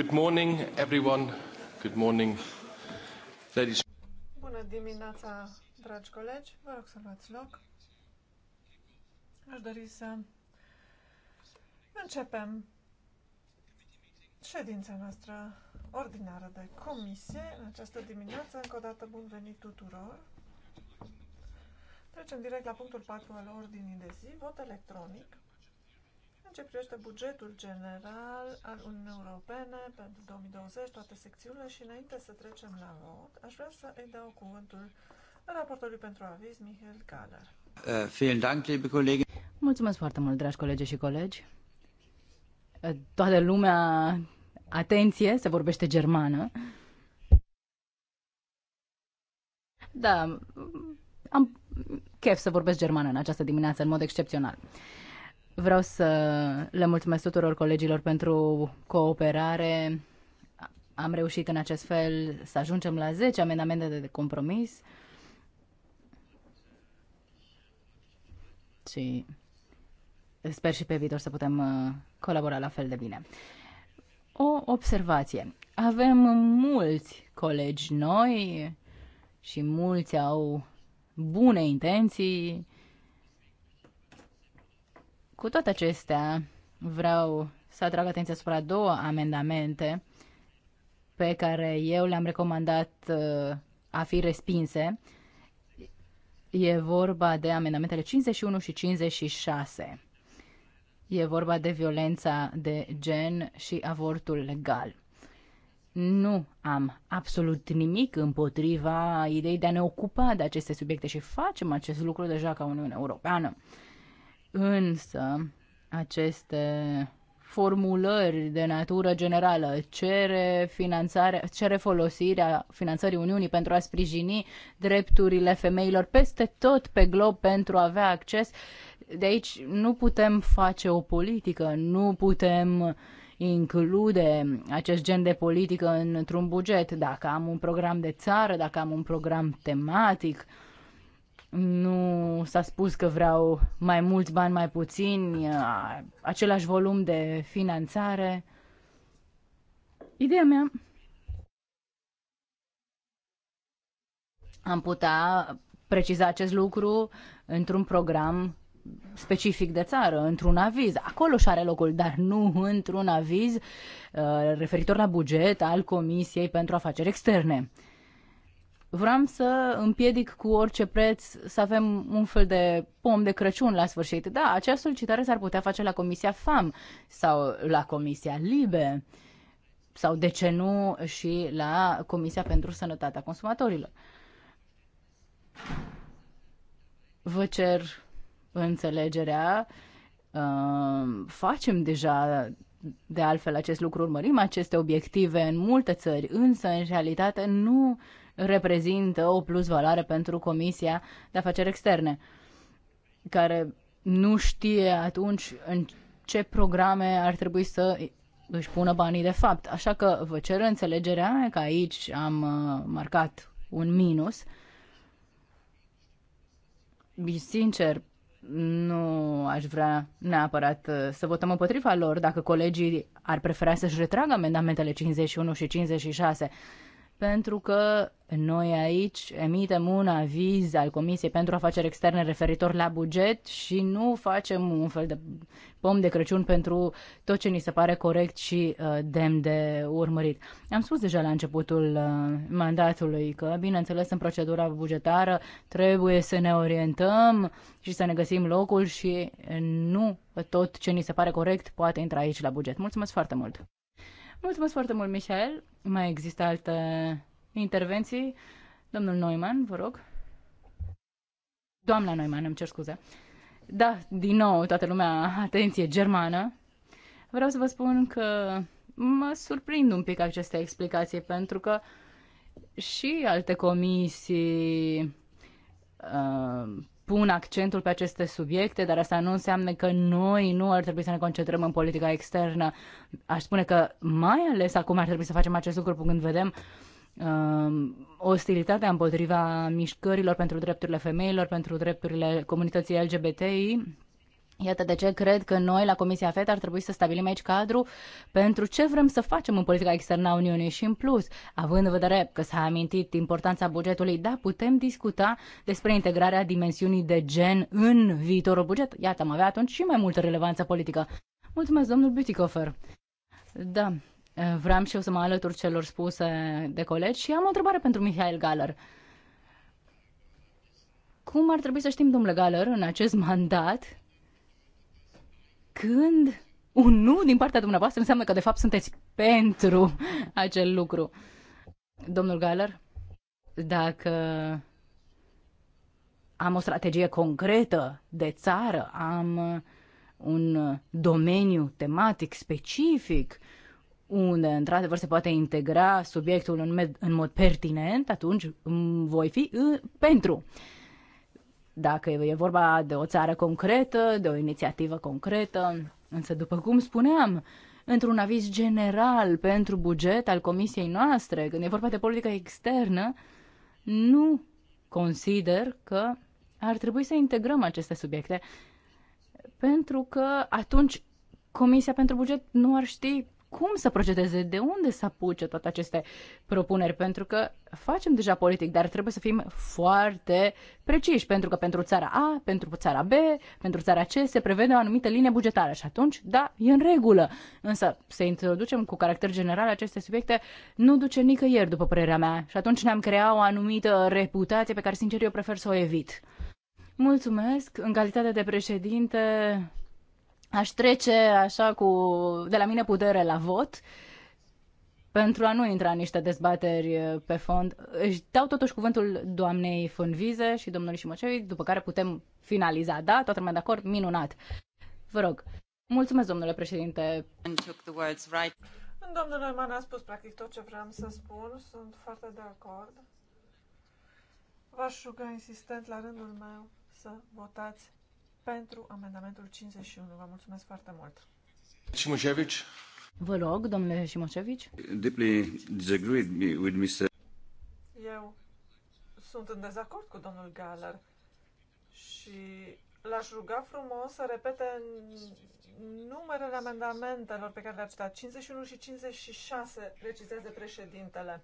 Good morning, everyone. Good morning, ladies. Bună dimineața, dragi colegi. Vă rog să luați loc. Aș dori să începem ședința noastră ordinară de comisie în această dimineață. Încă o dată bun venit tuturor. Trecem direct la punctul 4 al ordinii de zi, vot electronic. În ce privește bugetul general al Uniunii Europene pentru 2020, toate secțiunile și înainte să trecem la vot, aș vrea să îi dau cuvântul raportorului pentru aviz, Michael Galer. Uh, Mulțumesc foarte mult, dragi colegi și colegi. Uh, toată lumea, atenție, se vorbește germană. Da, am chef să vorbesc germană în această dimineață, în mod excepțional. Uh, Vreau să le mulțumesc tuturor colegilor pentru cooperare. Am reușit în acest fel să ajungem la 10 amendamente de compromis. Și sper și pe viitor să putem uh, colabora la fel de bine. O observație. Avem mulți colegi noi și mulți au bune intenții cu toate acestea, vreau să atrag atenția asupra două amendamente pe care eu le-am recomandat uh, a fi respinse. E vorba de amendamentele 51 și 56. E vorba de violența de gen și avortul legal. Nu am absolut nimic împotriva ideii de a ne ocupa de aceste subiecte și facem acest lucru deja ca Uniunea Europeană. Însă, aceste formulări de natură generală, cere, finanțare, cere folosirea finanțării Uniunii pentru a sprijini drepturile femeilor peste tot pe glob pentru a avea acces. De aici nu putem face o politică, nu putem include acest gen de politică într-un buget. Dacă am un program de țară, dacă am un program tematic, uh, nu s-a spus că vreau mai mulți bani, mai puțini, același volum de finanțare. Ideea mea am putea preciza acest lucru într-un program specific de țară, într-un aviz. Acolo și are locul, dar nu într-un aviz uh, referitor la buget al Comisiei pentru Afaceri Externe vreau să împiedic cu orice preț să avem un fel de pom de Crăciun la sfârșit. Da, acea solicitare s-ar putea face la Comisia FAM sau la Comisia LIBE sau, de ce nu, și la Comisia pentru Sănătatea Consumatorilor. Vă cer înțelegerea. Uh, facem deja de altfel acest lucru, urmărim aceste obiective în multe țări, însă în realitate nu reprezintă o plusvaloare pentru Comisia de Afaceri Externe, care nu știe atunci în ce programe ar trebui să își pună banii de fapt. Așa că vă cer înțelegerea că aici am uh, marcat un minus. Sincer, nu aș vrea neapărat uh, să votăm împotriva lor dacă colegii ar prefera să-și retragă amendamentele 51 și 56 pentru că noi aici emitem un aviz al Comisiei pentru Afaceri Externe referitor la buget și nu facem un fel de pom de Crăciun pentru tot ce ni se pare corect și uh, demn de urmărit. Am spus deja la începutul uh, mandatului că, bineînțeles, în procedura bugetară trebuie să ne orientăm și să ne găsim locul și nu tot ce ni se pare corect poate intra aici la buget. Mulțumesc foarte mult! Mulțumesc foarte mult, Michael. Mai există alte intervenții? Domnul Neumann, vă rog. Doamna Neumann, îmi cer scuze. Da, din nou, toată lumea, atenție, germană. Vreau să vă spun că mă surprind un pic aceste explicații, pentru că și alte comisii uh, pun accentul pe aceste subiecte, dar asta nu înseamnă că noi nu ar trebui să ne concentrăm în politica externă. Aș spune că mai ales acum ar trebui să facem acest lucru când vedem uh, ostilitatea împotriva mișcărilor pentru drepturile femeilor, pentru drepturile comunității LGBTI Iată de ce cred că noi la Comisia FET ar trebui să stabilim aici cadru pentru ce vrem să facem în politica externă a Uniunii și în plus, având în vedere că s-a amintit importanța bugetului, da, putem discuta despre integrarea dimensiunii de gen în viitorul buget. Iată, am avea atunci și mai multă relevanță politică. Mulțumesc, domnul Bütikofer. Da, vreau și eu să mă alătur celor spuse de colegi și am o întrebare pentru Mihail Galer. Cum ar trebui să știm, domnule Galer, în acest mandat, când un nu din partea dumneavoastră înseamnă că de fapt sunteți pentru acel lucru. Domnul Galer, dacă am o strategie concretă de țară, am un domeniu tematic specific unde, într-adevăr, se poate integra subiectul în, med- în mod pertinent, atunci voi fi uh, pentru. Uh, dacă e vorba de o țară concretă, de o inițiativă concretă. Însă, după cum spuneam, într-un aviz general pentru buget al comisiei noastre, când e vorba de politică externă, nu consider că ar trebui să integrăm aceste subiecte, pentru că atunci Comisia pentru Buget nu ar ști cum să procedeze, de unde să apuce toate aceste propuneri, pentru că facem deja politic, dar trebuie să fim foarte preciși, pentru că pentru țara A, pentru țara B, pentru țara C se prevede o anumită linie bugetară și atunci, da, e în regulă. Însă să introducem cu caracter general aceste subiecte nu duce nicăieri, după părerea mea, și atunci ne-am creat o anumită reputație pe care, sincer, eu prefer să o evit. Mulțumesc. În calitate de președinte, aș trece așa cu de la mine putere la vot pentru a nu intra în niște dezbateri uh, pe fond. Își dau totuși cuvântul doamnei Fânvize și domnului Șimăcei, după care putem finaliza. Da, toată lumea de acord? Minunat. Vă rog. Mulțumesc, domnule președinte. Domnul Neumann a spus practic tot ce vreau să spun. Sunt foarte de acord. V-aș ruga insistent la rândul meu să votați pentru amendamentul 51. Vă mulțumesc foarte mult. Simoșevici. Vă rog, domnule Simoșevici. Deeply disagree with Mr. Eu sunt în dezacord cu domnul Galler și l-aș ruga frumos să repete numerele amendamentelor pe care le-a citat. 51 și 56 precizează președintele.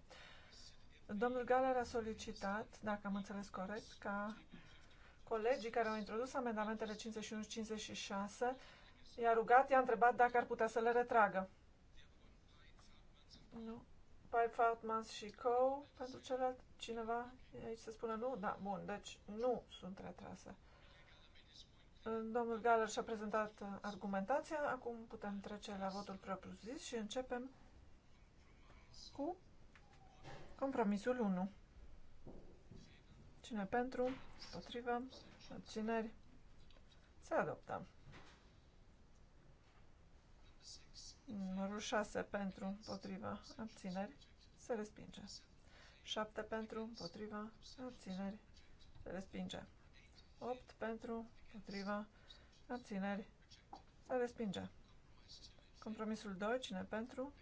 Domnul Galler a solicitat, dacă am înțeles corect, ca Colegii care au introdus amendamentele 51 și 56 i-a rugat, i-a întrebat dacă ar putea să le retragă. Nu. Pipe Fatmans și Co. Pentru celălalt cineva aici să spună nu? Da, bun. Deci nu sunt retrase. Domnul Galler și-a prezentat uh, argumentația. Acum putem trece la votul propriu-zis și începem cu compromisul 1. Cine pentru? Împotrivă? Abțineri? Se adoptă. Numărul 6 pentru, împotriva, abțineri, se respinge. 7 pentru, împotriva, abțineri, se respinge. 8 pentru, împotriva, abțineri, se respinge. Compromisul 2, cine pentru,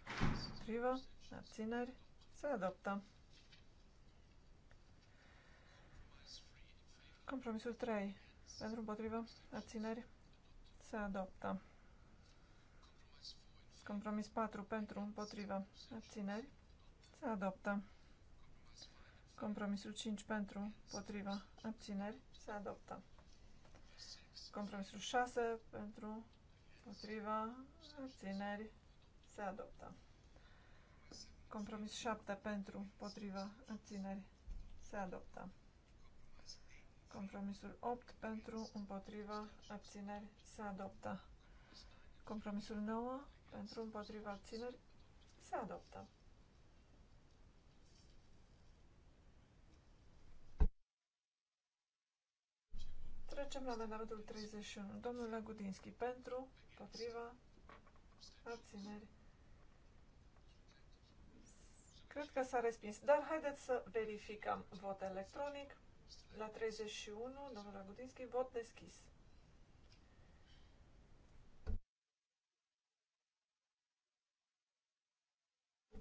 împotriva, abțineri, se adoptă. Compromisul 3. Pentru împotriva abțineri, se adoptă. Compromis 4. Pentru împotriva abțineri, se adoptă. Compromisul 5. Pentru împotriva abțineri, se adoptă. Compromisul 6. Pentru împotriva abțineri, se adoptă. Compromis 7. Pentru împotriva abțineri, se adoptă. Compromisul 8 pentru împotriva abțineri se adoptă. Compromisul 9 pentru împotriva abțineri se adoptă. Trecem la amendamentul 31. Domnul Lagudinski pentru împotriva abțineri. Cred că s-a respins, dar haideți să verificăm vot electronic. La 31, domnul Agutinski, vot deschis.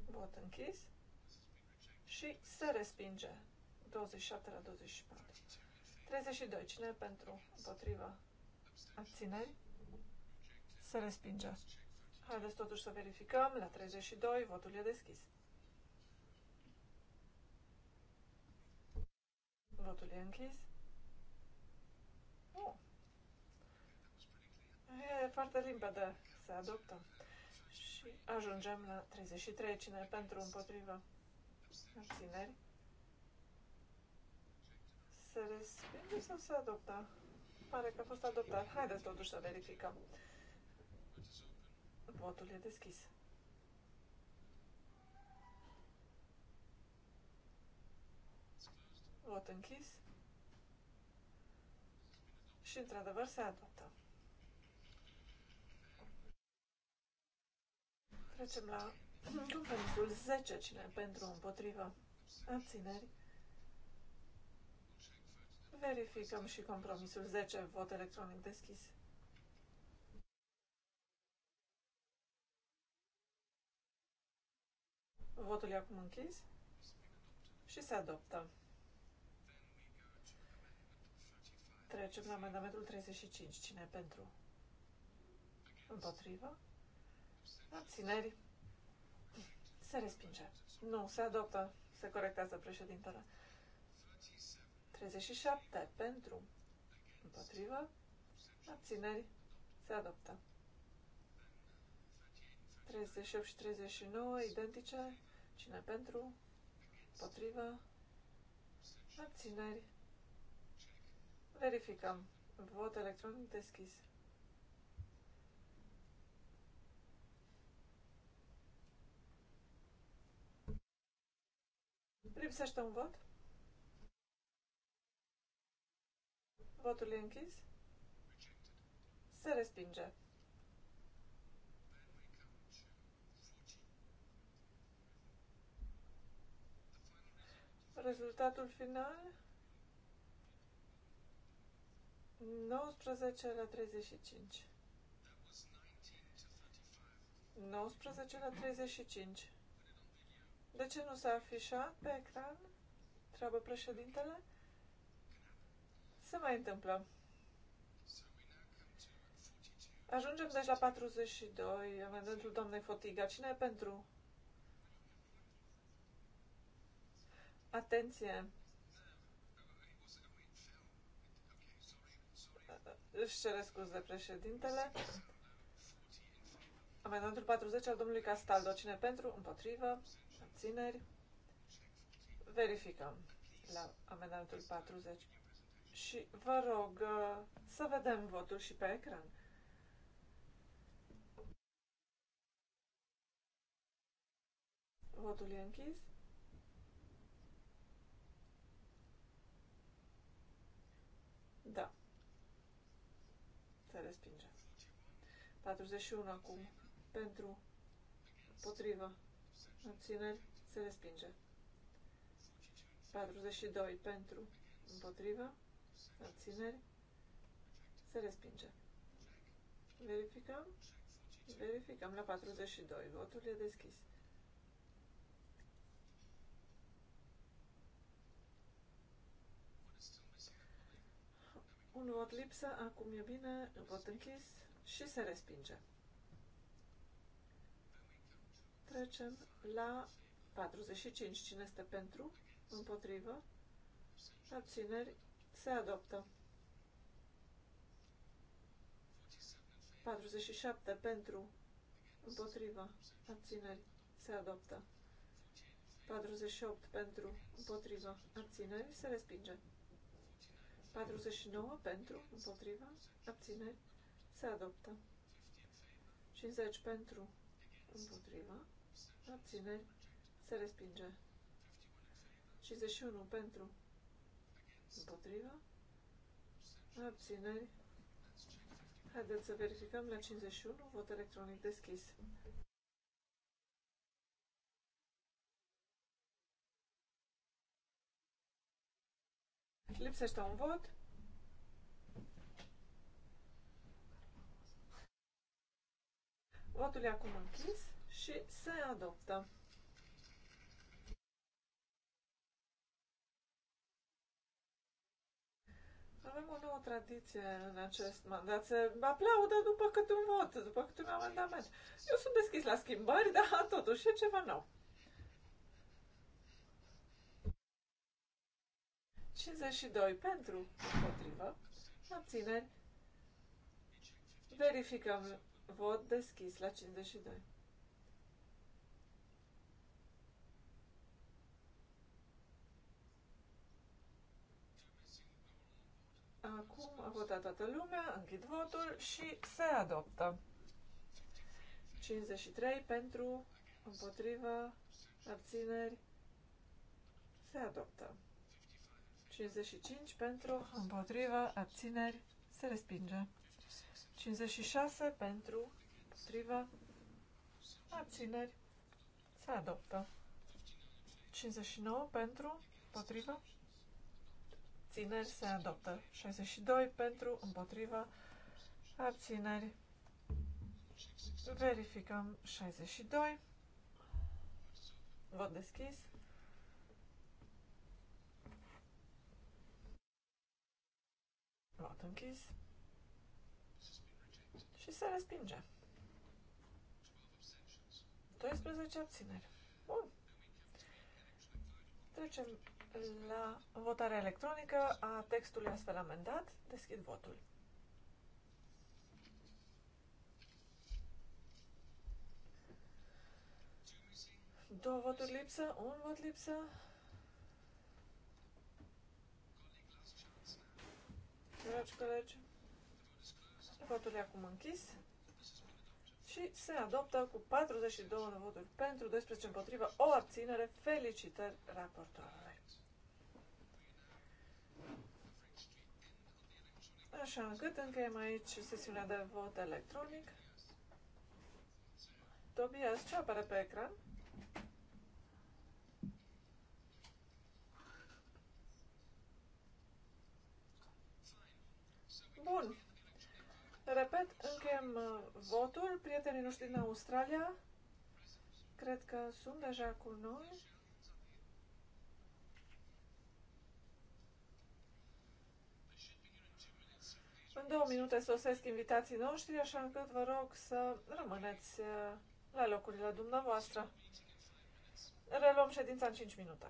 Vot închis. Și se respinge. 27 la 24. 32. Cine pentru? Împotriva. Abțineri? Se respinge. Haideți totuși să verificăm. La 32, votul e deschis. Votul e închis. Oh, E foarte limpede. Se adoptă. Și ajungem la 33. Cine pentru împotriva Abțineri. Se respinge sau se adoptă? Pare că a fost adoptat. Haideți totuși să verificăm. Votul e deschis. Vot închis. Și, într-adevăr, se adoptă. Trecem la compromisul 10. Cine pentru, împotriva, abțineri. Verificăm și compromisul 10. Vot electronic deschis. Votul e acum închis și se adoptă. Trecem la amendamentul 35. Cine pentru? Împotrivă? Abțineri? Se respinge. Nu, se adoptă. Se corectează președintele. 37. Pentru? Împotrivă? Abțineri? Se adoptă. 38 și 39 identice. Cine pentru? Potrivă? Abțineri? Verificăm. Vot electronic deschis. Lipsește un vot. Votul e închis. Se respinge. Rezultatul final 19 la 35. 19 la 35. De ce nu s-a afișat pe ecran? Treabă președintele. Se mai întâmplă. Ajungem deci la 42, amendamentul doamnei Fotiga. Cine e pentru? Atenție! Își cere scuze președintele. Amendamentul 40 al domnului Castaldo. Cine pentru? Împotrivă? Abțineri? Verificăm la amendamentul 40. Și vă rog uh, să vedem votul și pe ecran. Votul e închis. Se respinge. 41 acum. Pentru. Potrivă. Abțineri. Se respinge. 42 pentru. Împotrivă. Abțineri. Se respinge. Verificăm. Verificăm la 42. Votul e deschis. Un vot lipsă, acum e bine, vot închis și se respinge. Trecem la 45. Cine este pentru? Împotrivă? Abțineri? Se adoptă. 47 pentru, împotriva, abțineri, se adoptă. 48 pentru, împotriva, abțineri, se respinge. 49 pentru, împotriva, abțineri, se adoptă. 50 pentru, împotriva, abțineri, se respinge. 51 pentru, împotriva, abțineri. Haideți să verificăm la 51, vot electronic deschis. Lipsește un vot. Votul e acum închis și se adoptă. Avem o nouă tradiție în acest mandat. Se aplaudă după câte un vot, după câte un amendament. Eu sunt deschis la schimbări, dar totuși e ceva nou. 52 pentru, împotrivă, abțineri. Verificăm vot deschis la 52. Acum a votat toată lumea, închid votul și se adoptă. 53 pentru, împotrivă, abțineri, se adoptă. 55 pentru, împotrivă, abțineri, se respinge. 56 pentru, împotrivă, abțineri, se adoptă. 59 pentru, împotrivă, abțineri, se adoptă. 62 pentru, împotrivă, abțineri. Verificăm 62. Vot deschis. Vot închis. Și se respinge. 12 abțineri. Bun. Trecem la votarea electronică a textului astfel amendat. Deschid votul. Două voturi lipsă, un vot lipsă. Dragi colegi, votul e acum închis și se adoptă cu 42 de voturi pentru, 12 împotrivă, o abținere. Felicitări raportorului. Așa încât încheiem aici sesiunea de vot electronic. Tobias, ce apare pe ecran? Bun. Repet, încheiem uh, votul. Prietenii noștri din Australia cred că sunt deja cu noi. În două minute sosesc invitații noștri, așa încât vă rog să rămâneți uh, la locurile dumneavoastră. Reluăm ședința în 5 minute.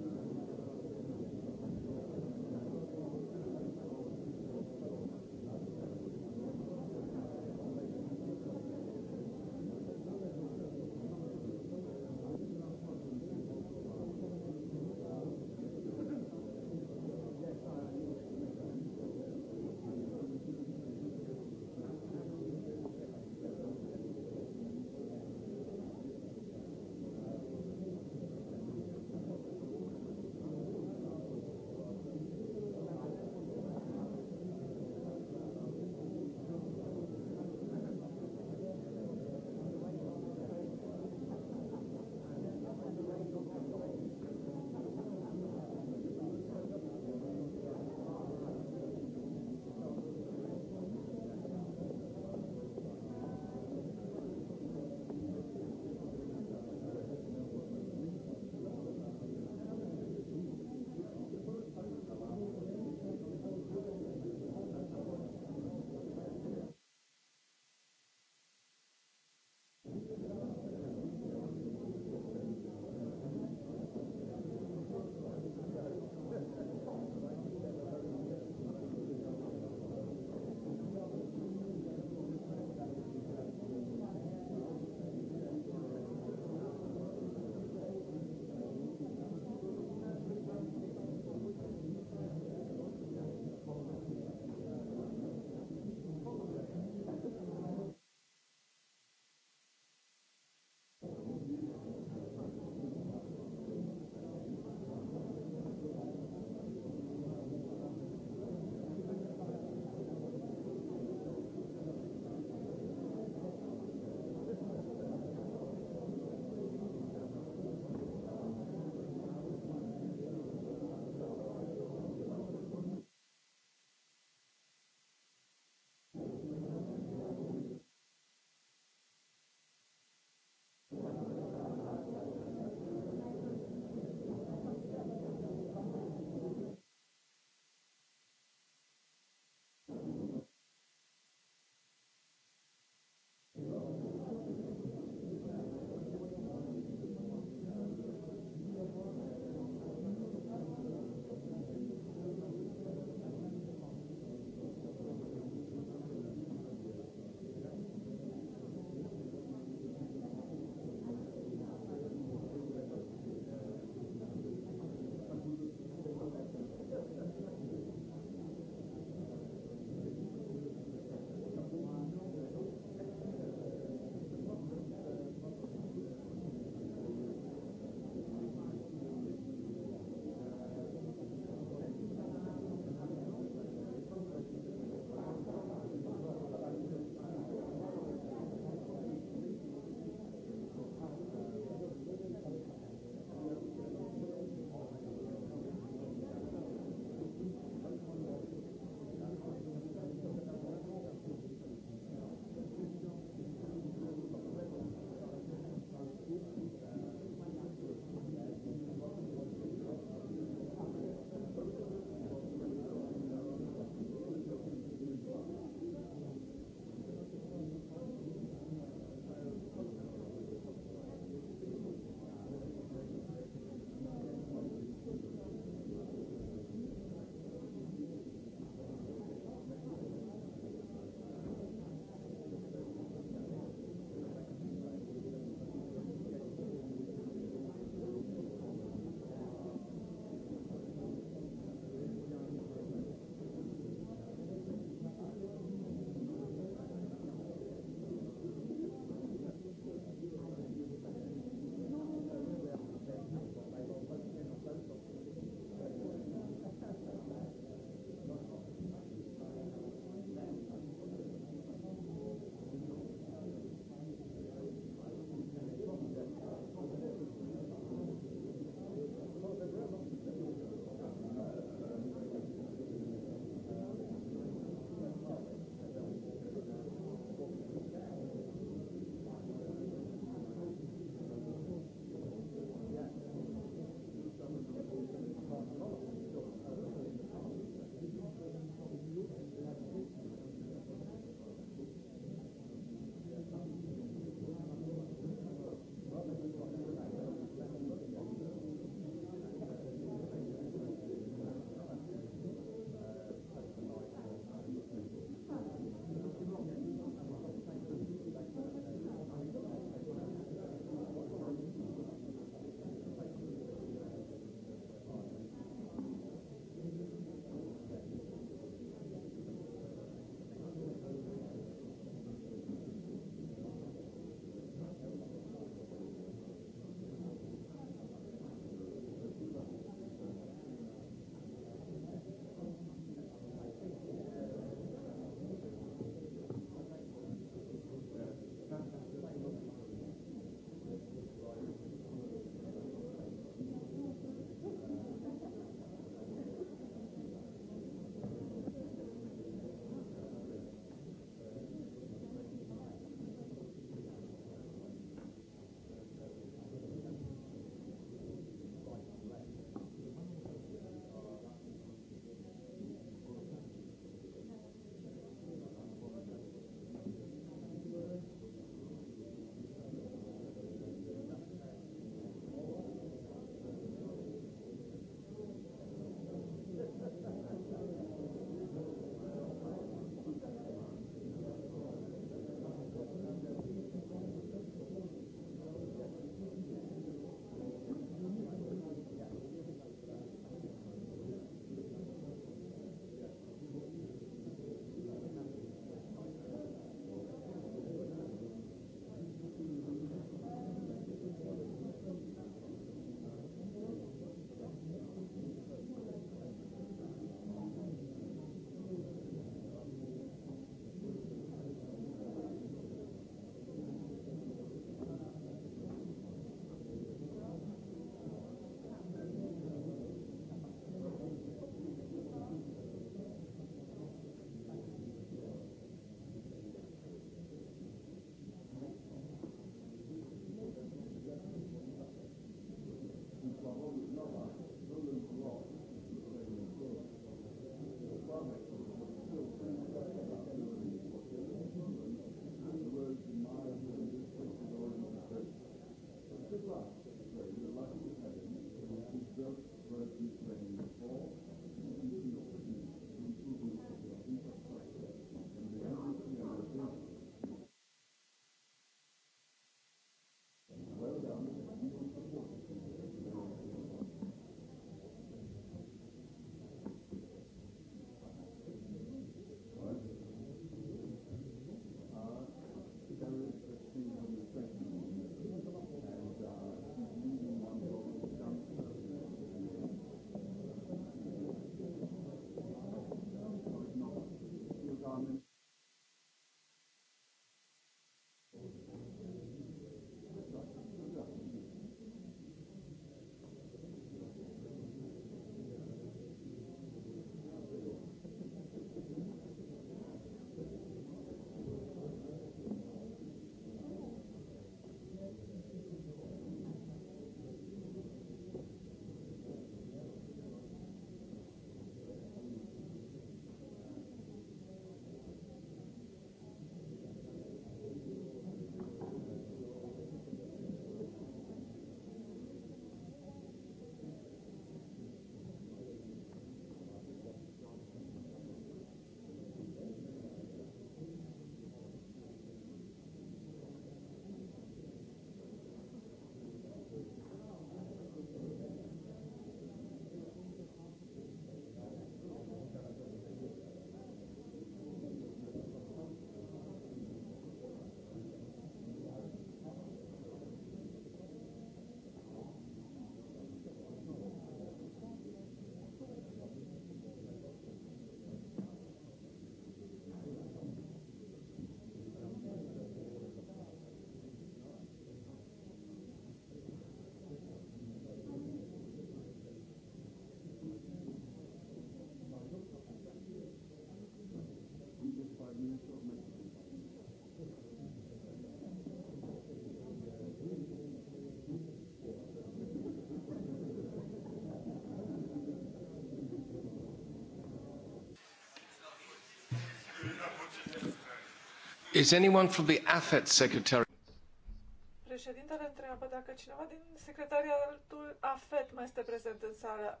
Președintele întreabă dacă cineva din secretariatul AFET mai este prezent în sală.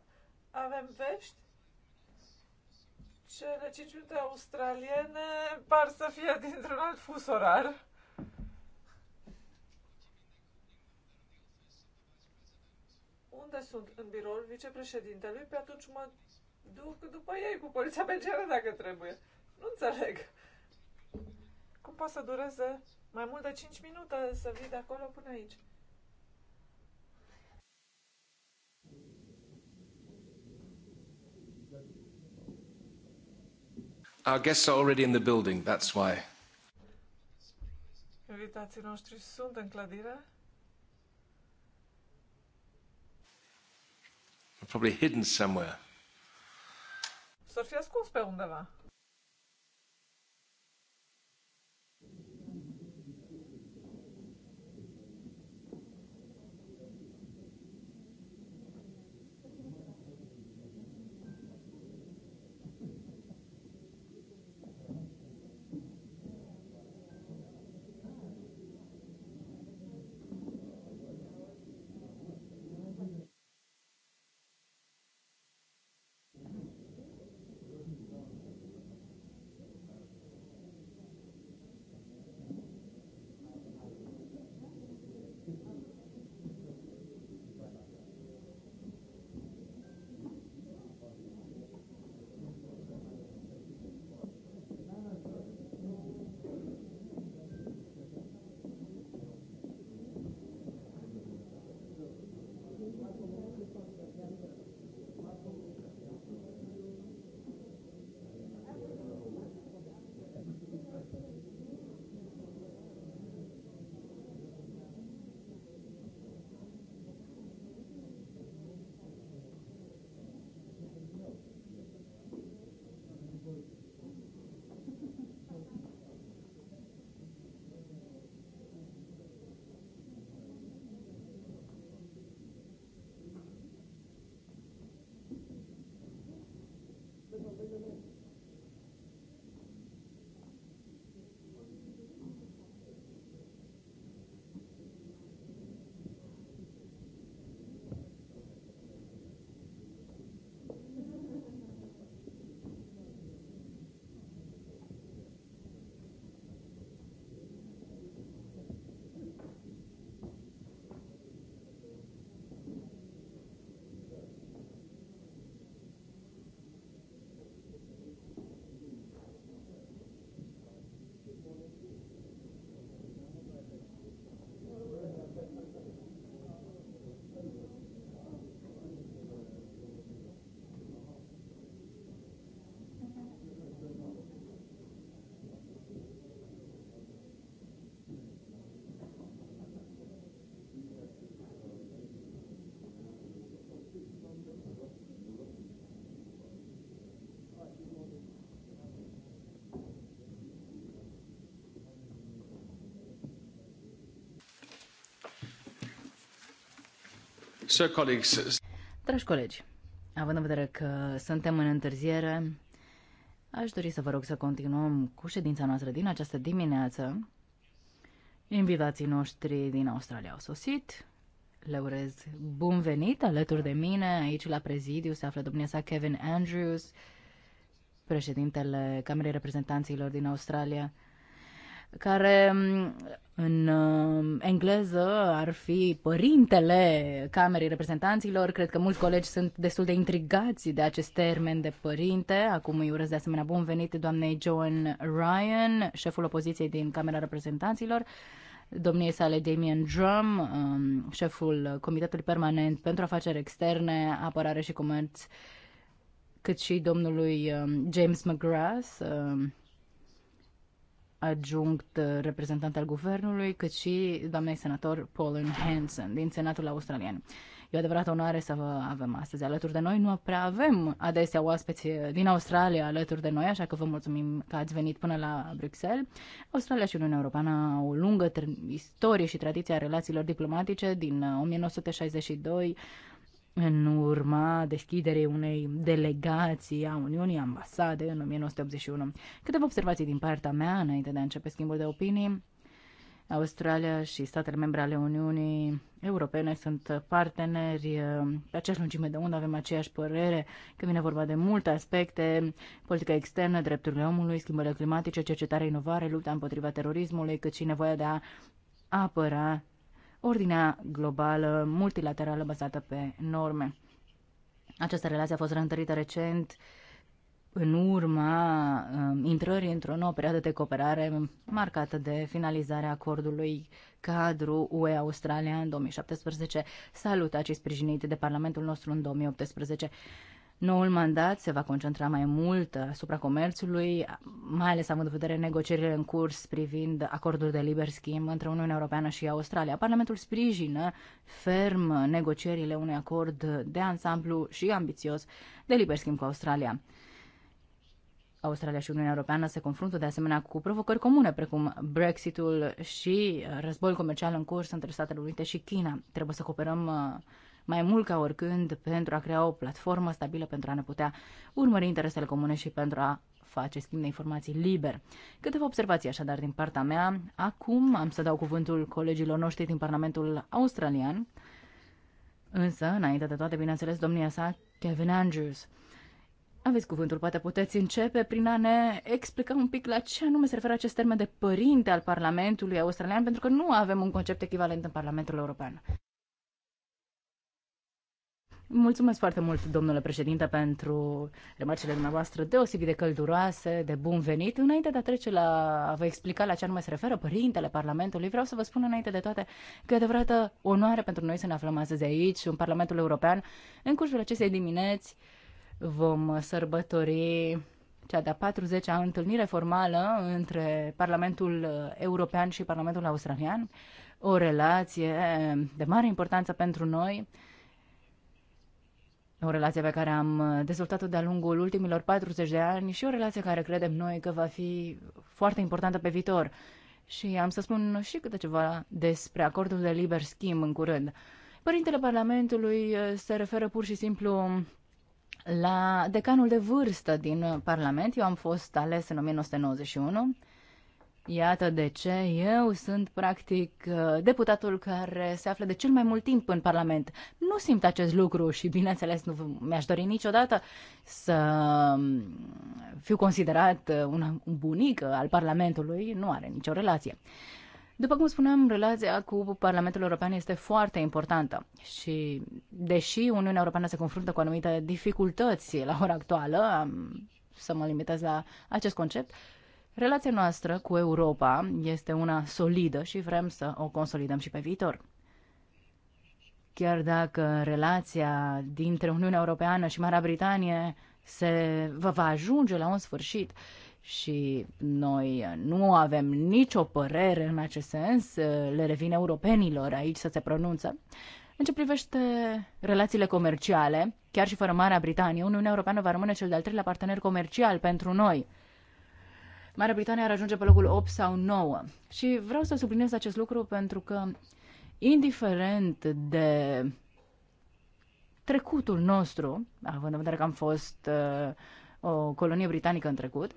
Avem vești? Cele cinci minute australiene par să fie dintr-un alt fus orar. Unde sunt în biroul vicepreședintelui? Pe atunci mă duc după ei cu poliția pe dacă trebuie. Nu înțeleg poate să dureze mai mult de 5 minute să vii de acolo până aici. Our guests are already in the building, that's why. Invitații noștri sunt în clădire. probably hidden somewhere. Să fi ascuns pe undeva. Dragi colegi, având în vedere că suntem în întârziere, aș dori să vă rog să continuăm cu ședința noastră din această dimineață. Invitații noștri din Australia au sosit. Le urez bun venit alături de mine. Aici la prezidiu se află domnia sa Kevin Andrews, președintele Camerei Reprezentanților din Australia, care mm, în uh, engleză ar fi părintele Camerei Reprezentanților. Cred că mulți colegi sunt destul de intrigați de acest termen de părinte. Acum îi urez de asemenea bun venit doamnei Joan Ryan, șeful opoziției din Camera Reprezentanților, domniei sale Damien Drum, um, șeful Comitetului Permanent pentru Afaceri Externe, Apărare și Comerț, cât și domnului um, James McGrath, um, adjunct uh, reprezentant al guvernului, cât și doamnei senator Pauline Hanson din Senatul Australian. E o adevărată onoare să vă avem astăzi alături de noi. Nu prea avem adesea oaspeți uh, din Australia alături de noi, așa că vă mulțumim că ați venit până la Bruxelles. Australia și Uniunea Europeană au o lungă istorie și tradiție a relațiilor diplomatice din 1962 uh, în urma deschiderii unei delegații a Uniunii Ambasade în 1981. Câteva observații din partea mea înainte de a începe schimbul de opinii. Australia și statele membre ale Uniunii Europene sunt parteneri uh, pe aceeași lungime de undă, avem aceeași părere când vine vorba de multe aspecte, politica externă, drepturile omului, schimbările climatice, cercetare, inovare, lupta împotriva terorismului, cât și nevoia de a apăra ordinea globală multilaterală bazată pe norme. Această relație a fost reîntărită recent în urma um, intrării într-o nouă perioadă de cooperare marcată de finalizarea acordului cadru UE-Australia în 2017, salutat și sprijinit de Parlamentul nostru în 2018. Noul mandat se va concentra mai mult asupra comerțului, mai ales având în vedere negocierile în curs privind acordul de liber schimb între Uniunea Europeană și Australia. Parlamentul sprijină ferm negocierile unui acord de ansamblu și ambițios de liber schimb cu Australia. Australia și Uniunea Europeană se confruntă de asemenea cu provocări comune, precum Brexitul și războiul comercial în curs între Statele Unite și China. Trebuie să cooperăm uh, mai mult ca oricând pentru a crea o platformă stabilă pentru a ne putea urmări interesele comune și pentru a face schimb de informații liber. Câteva observații așadar din partea mea. Acum am să dau cuvântul colegilor noștri din Parlamentul Australian, însă, înainte de toate, bineînțeles, domnia sa, Kevin Andrews. Aveți cuvântul, poate puteți începe prin a ne explica un pic la ce anume se referă acest termen de părinte al Parlamentului Australian, pentru că nu avem un concept echivalent în Parlamentul European. Mulțumesc foarte mult, domnule președinte, pentru remarcile dumneavoastră deosebit de călduroase, de bun venit. Înainte de a trece la a vă explica la ce anume se referă părintele Parlamentului, vreau să vă spun înainte de toate că e adevărată onoare pentru noi să ne aflăm astăzi aici, în Parlamentul European. În cursul acestei dimineți vom sărbători cea de-a 40-a întâlnire formală între Parlamentul European și Parlamentul Australian, o relație de mare importanță pentru noi, o relație pe care am uh, dezvoltat-o de-a lungul ultimilor 40 de ani și o relație care credem noi că va fi foarte importantă pe viitor. Și am să spun și câte ceva despre acordul de liber schimb în curând. Părintele Parlamentului uh, se referă pur și simplu la decanul de vârstă din Parlament. Eu am fost ales în 1991 Iată de ce eu sunt practic uh, deputatul care se află de cel mai mult timp în Parlament. Nu simt acest lucru și bineînțeles nu mi-aș dori niciodată să um, fiu considerat uh, un bunic al Parlamentului, nu are nicio relație. După cum spuneam, relația cu Parlamentul European este foarte importantă și deși Uniunea Europeană se confruntă cu anumite dificultăți la ora actuală, să mă limitez la acest concept, Relația noastră cu Europa este una solidă și vrem să o consolidăm și pe viitor. Chiar dacă relația dintre Uniunea Europeană și Marea Britanie se va ajunge la un sfârșit și noi nu avem nicio părere în acest sens, le revine europenilor aici să se pronunță. În ce privește relațiile comerciale, chiar și fără Marea Britanie, Uniunea Europeană va rămâne cel de-al treilea partener comercial pentru noi – Marea Britanie ar ajunge pe locul 8 sau 9. Și vreau să subliniez acest lucru pentru că, indiferent de trecutul nostru, având în vedere că am fost uh, o colonie britanică în trecut,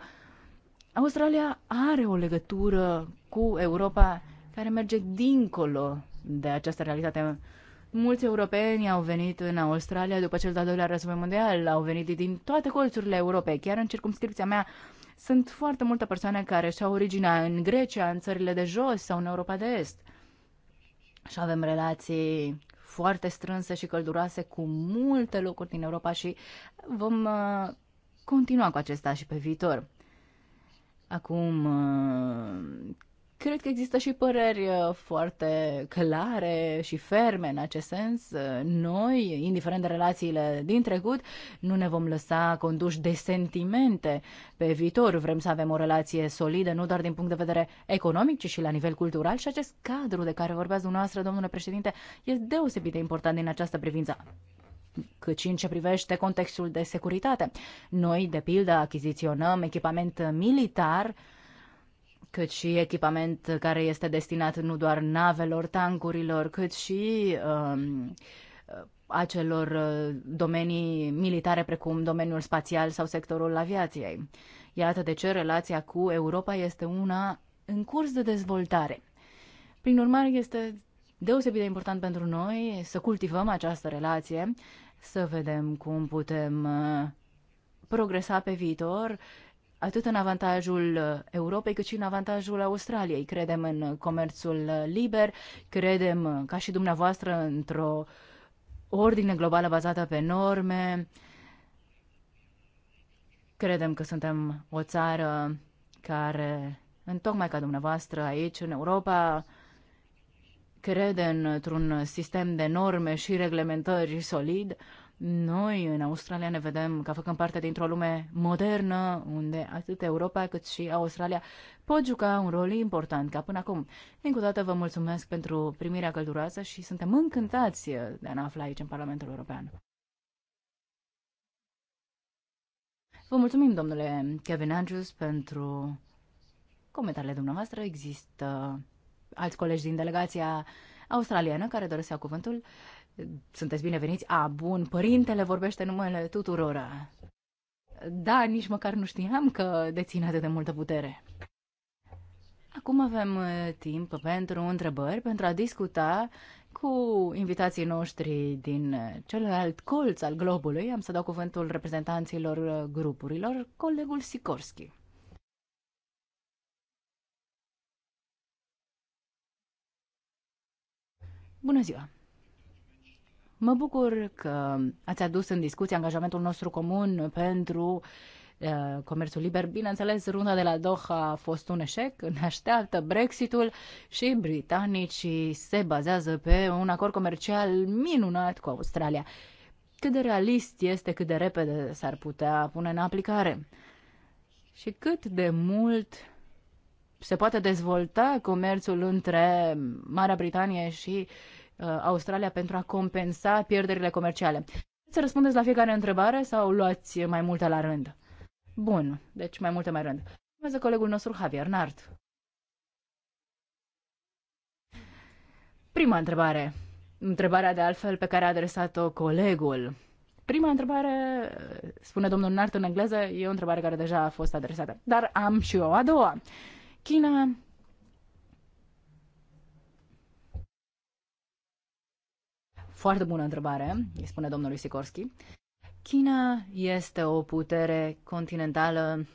Australia are o legătură cu Europa care merge dincolo de această realitate. Mulți europeni au venit în Australia după cel de-al doilea război mondial, au venit din toate colțurile Europei, chiar în circumscripția mea sunt foarte multe persoane care și-au originea în Grecia, în țările de jos sau în Europa de Est. Și avem relații foarte strânse și călduroase cu multe locuri din Europa și vom uh, continua cu acesta și pe viitor. Acum, uh, Cred că există și păreri uh, foarte clare și ferme în acest sens. Uh, noi, indiferent de relațiile din trecut, nu ne vom lăsa conduși de sentimente pe viitor. Vrem să avem o relație solidă, nu doar din punct de vedere economic, ci și la nivel cultural și acest cadru de care vorbeați dumneavoastră, domnule președinte, este deosebit de important din această privință cât și în ce privește contextul de securitate. Noi, de pildă, achiziționăm echipament militar uh, cât și echipament care este destinat nu doar navelor, tancurilor, cât și um, uh, acelor domenii militare precum domeniul spațial sau sectorul aviației. Iată de ce relația cu Europa este una în curs de dezvoltare. Prin urmare, este deosebit de important pentru noi să cultivăm această relație, să vedem cum putem uh, progresa pe viitor atât în avantajul uh, Europei cât și în avantajul Australiei. Credem în uh, comerțul uh, liber, credem, ca și dumneavoastră, într-o ordine globală bazată pe norme. Credem că suntem o țară care, în tocmai ca dumneavoastră aici, în Europa, crede într-un sistem de norme și reglementări solid noi, în Australia, ne vedem ca făcând parte dintr-o lume modernă, unde atât Europa cât și Australia pot juca un rol important, ca până acum. Încă o dată vă mulțumesc pentru primirea călduroasă și suntem încântați de a ne afla aici, în Parlamentul European. Vă mulțumim, domnule Kevin Andrews, pentru comentariile dumneavoastră. Există alți colegi din delegația australiană care doresc să cuvântul sunteți bineveniți. A, bun, părintele vorbește numele tuturora. Da, nici măcar nu știam că deține atât de multă putere. Acum avem uh, timp pentru întrebări, pentru a discuta cu invitații noștri din uh, celălalt colț al globului. Am să dau cuvântul reprezentanților uh, grupurilor, colegul Sikorski. Bună ziua! Mă bucur că ați adus în discuție angajamentul nostru comun pentru uh, comerțul liber. Bineînțeles, runda de la Doha a fost un eșec, ne așteaptă Brexitul și britanicii se bazează pe un acord comercial minunat cu Australia. Cât de realist este, cât de repede s-ar putea pune în aplicare și cât de mult se poate dezvolta comerțul între Marea Britanie și uh, Uh, Australia pentru a compensa pierderile comerciale. Să răspundeți la fiecare întrebare sau luați mai multe la rând? Bun, deci mai multe mai rând. Urmează colegul nostru Javier Nart. Prima întrebare. Întrebarea de altfel pe care a adresat-o colegul. Prima întrebare, spune domnul Nart în engleză, e o întrebare care deja a fost adresată. Dar am și eu a doua. China Foarte bună întrebare, îi spune domnului Sikorski. China este o putere continentală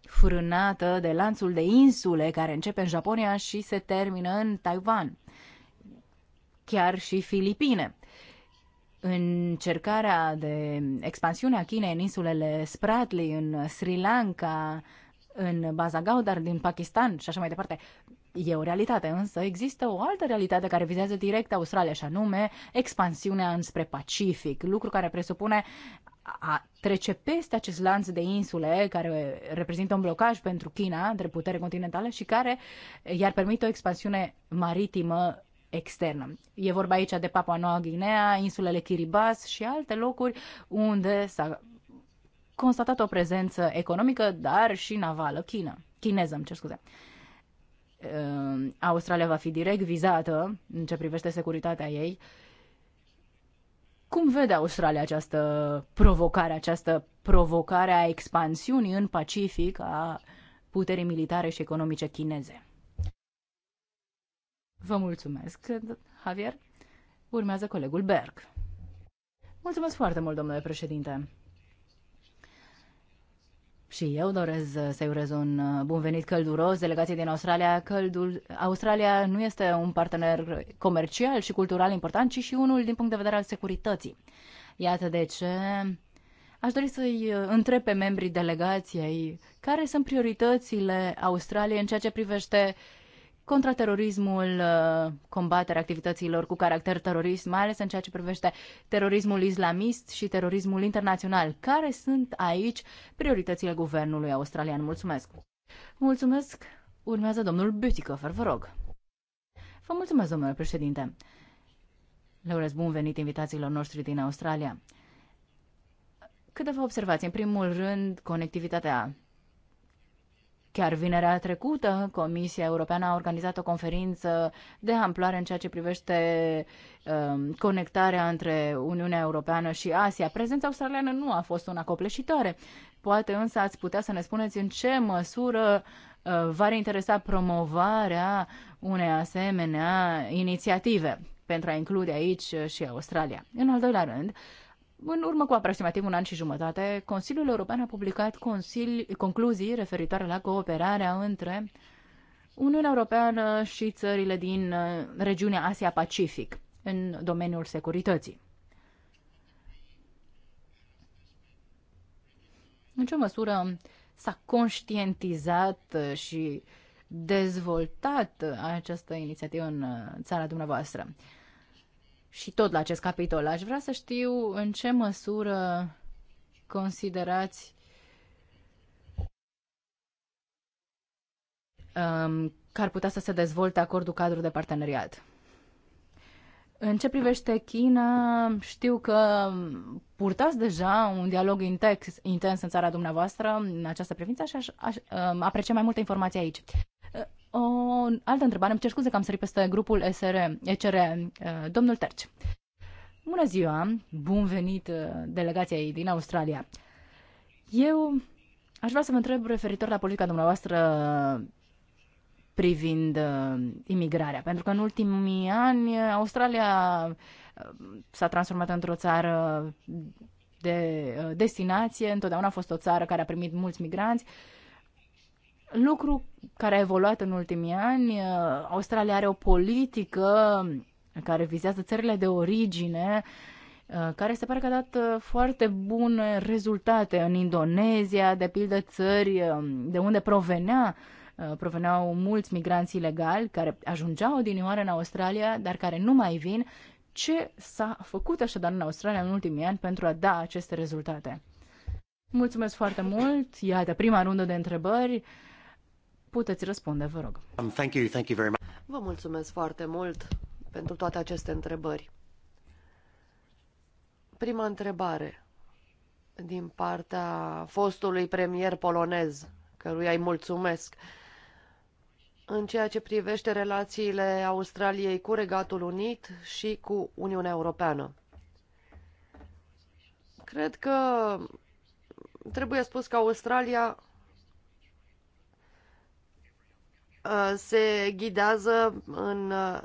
frânată de lanțul de insule care începe în Japonia și se termină în Taiwan, chiar și Filipine. Încercarea de expansiune a Chinei în insulele Spratly, în Sri Lanka, în baza Gaudar din Pakistan și așa mai departe, E o realitate, însă există o altă realitate care vizează direct Australia, și anume expansiunea înspre Pacific, lucru care presupune a trece peste acest lanț de insule care reprezintă un blocaj pentru China între putere continentală și care i-ar permite o expansiune maritimă externă. E vorba aici de Papua Noua Guinea, insulele Kiribati și alte locuri unde s-a constatat o prezență economică, dar și navală China. chineză, îmi cer scuze. Uh, Ehm, Australia va fi direct vizată în ce privește securitatea ei. Cum vede Australia această provocare, această provocare a expansiunii în Pacific a puterii militare și economice chineze? Vă mulțumesc, Javier. Urmează colegul Berg. Mulțumesc foarte mult, domnule președinte. Și eu doresc să-i urez un uh, bun venit călduros delegației din Australia. Căldul... Australia nu este un partener comercial și cultural important, ci și unul din punct de vedere al securității. Iată de ce aș dori să-i uh, întreb pe membrii delegației care sunt prioritățile Australiei în ceea ce privește contraterorismul, uh, combaterea activităților cu caracter terorist, mai ales în ceea ce privește terorismul islamist și terorismul internațional. Care sunt aici prioritățile guvernului australian? Mulțumesc! Mulțumesc! Urmează domnul Bütikofer, vă rog. Vă mulțumesc, domnule președinte. Le urez bun venit invitațiilor noștri din Australia. Câteva observații. În primul rând, conectivitatea Chiar vinerea trecută, Comisia Europeană a organizat o conferință de amploare în ceea ce privește uh, conectarea între Uniunea Europeană și Asia. Prezența australiană nu a fost una copleșitoare. Poate însă ați putea să ne spuneți în ce măsură uh, v-ar interesa promovarea unei asemenea inițiative pentru a include aici și Australia. În al doilea rând, uh, în urmă cu aproximativ un an și jumătate, Consiliul European a publicat concluzii referitoare la cooperarea între Uniunea Europeană și țările din uh, regiunea Asia-Pacific în domeniul securității. În ce măsură s-a conștientizat și dezvoltat această inițiativă în uh, țara dumneavoastră? și tot la acest capitol. Aș vrea să știu în ce măsură considerați um, că ar putea să se dezvolte acordul cadru de parteneriat. În ce privește China, știu că purtați deja un dialog intens, intens în țara dumneavoastră în această privință și aș, aș um, aprecia mai multe informații aici. O altă întrebare, îmi cer scuze că am sărit peste grupul SR, ECR, uh, domnul Terci. Bună ziua, bun venit uh, delegației din Australia. Eu aș vrea să vă întreb referitor la politica dumneavoastră privind uh, imigrarea. Pentru că în ultimii ani Australia uh, s-a transformat într-o țară de destinație, întotdeauna a fost o țară care a primit mulți migranți lucru care a evoluat în ultimii ani. Uh, Australia are o politică care vizează țările de origine, uh, care se pare că a dat uh, foarte bune rezultate în Indonezia, de pildă țări um, de unde provenea proveneau mulți migranți ilegali care ajungeau odinioară în Australia, dar care nu mai vin. Ce s-a făcut așadar în Australia în ultimii ani pentru a da aceste rezultate? Mulțumesc foarte mult! Iată, prima rundă de întrebări. Puteți răspunde, vă rog. Um, thank you, thank you very much. Vă mulțumesc foarte mult pentru toate aceste întrebări. Prima întrebare din partea fostului premier polonez, căruia îi mulțumesc. În ceea ce privește relațiile Australiei cu Regatul Unit și cu Uniunea Europeană. Cred că trebuie spus că Australia Uh, se ghidează în uh,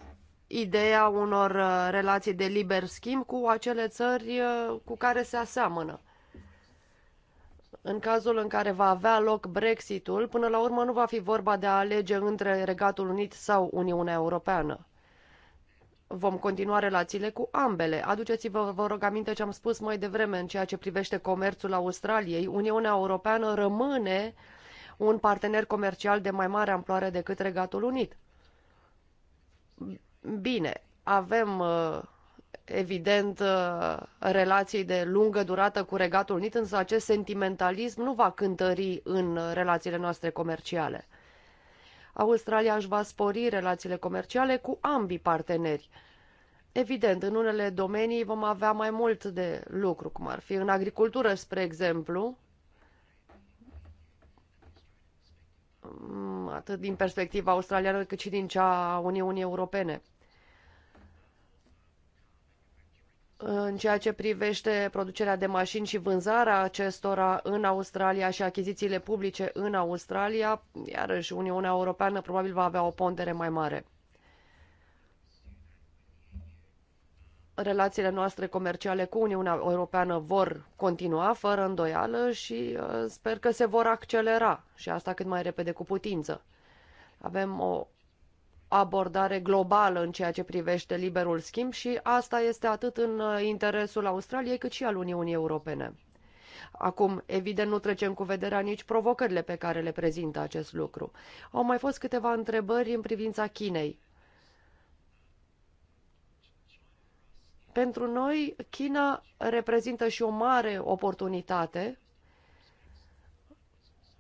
ideea unor uh, relații de liber schimb cu acele țări cu care se aseamănă. În cazul în care va avea loc Brexitul, până la urmă nu va fi vorba de a alege între Regatul Unit sau Uniunea Europeană. Vom continua relațiile cu ambele. Aduceți-vă, vă rog aminte ce am spus mai devreme în ceea ce privește comerțul Australiei. Uniunea Europeană rămâne uh, un partener comercial de mai mare amploare decât Regatul Unit. Bine, avem uh, evident uh, relații de lungă durată cu Regatul Unit, însă acest sentimentalism nu va cântări în relațiile noastre comerciale. Australia își va spori relațiile comerciale cu ambii parteneri. Evident, în unele domenii vom avea mai mult de lucru, cum ar fi în agricultură, spre exemplu, Mm, atât din perspectiva australiană cât și din cea a Uniunii Europene. În ceea ce privește producerea de mașini și vânzarea acestora în Australia și achizițiile publice în Australia, iarăși Uniunea Europeană probabil va avea o pondere mai mare. relațiile noastre comerciale cu Uniunea Europeană vor continua fără îndoială și uh, sper că se vor accelera și asta cât mai repede cu putință. Avem o abordare globală în ceea ce privește liberul schimb și asta este atât în uh, interesul Australiei cât și al Uniunii Europene. Acum, evident, nu trecem cu vederea nici provocările pe care le prezintă acest lucru. Au mai fost câteva întrebări în privința Chinei. Pentru noi, China reprezintă și o mare oportunitate,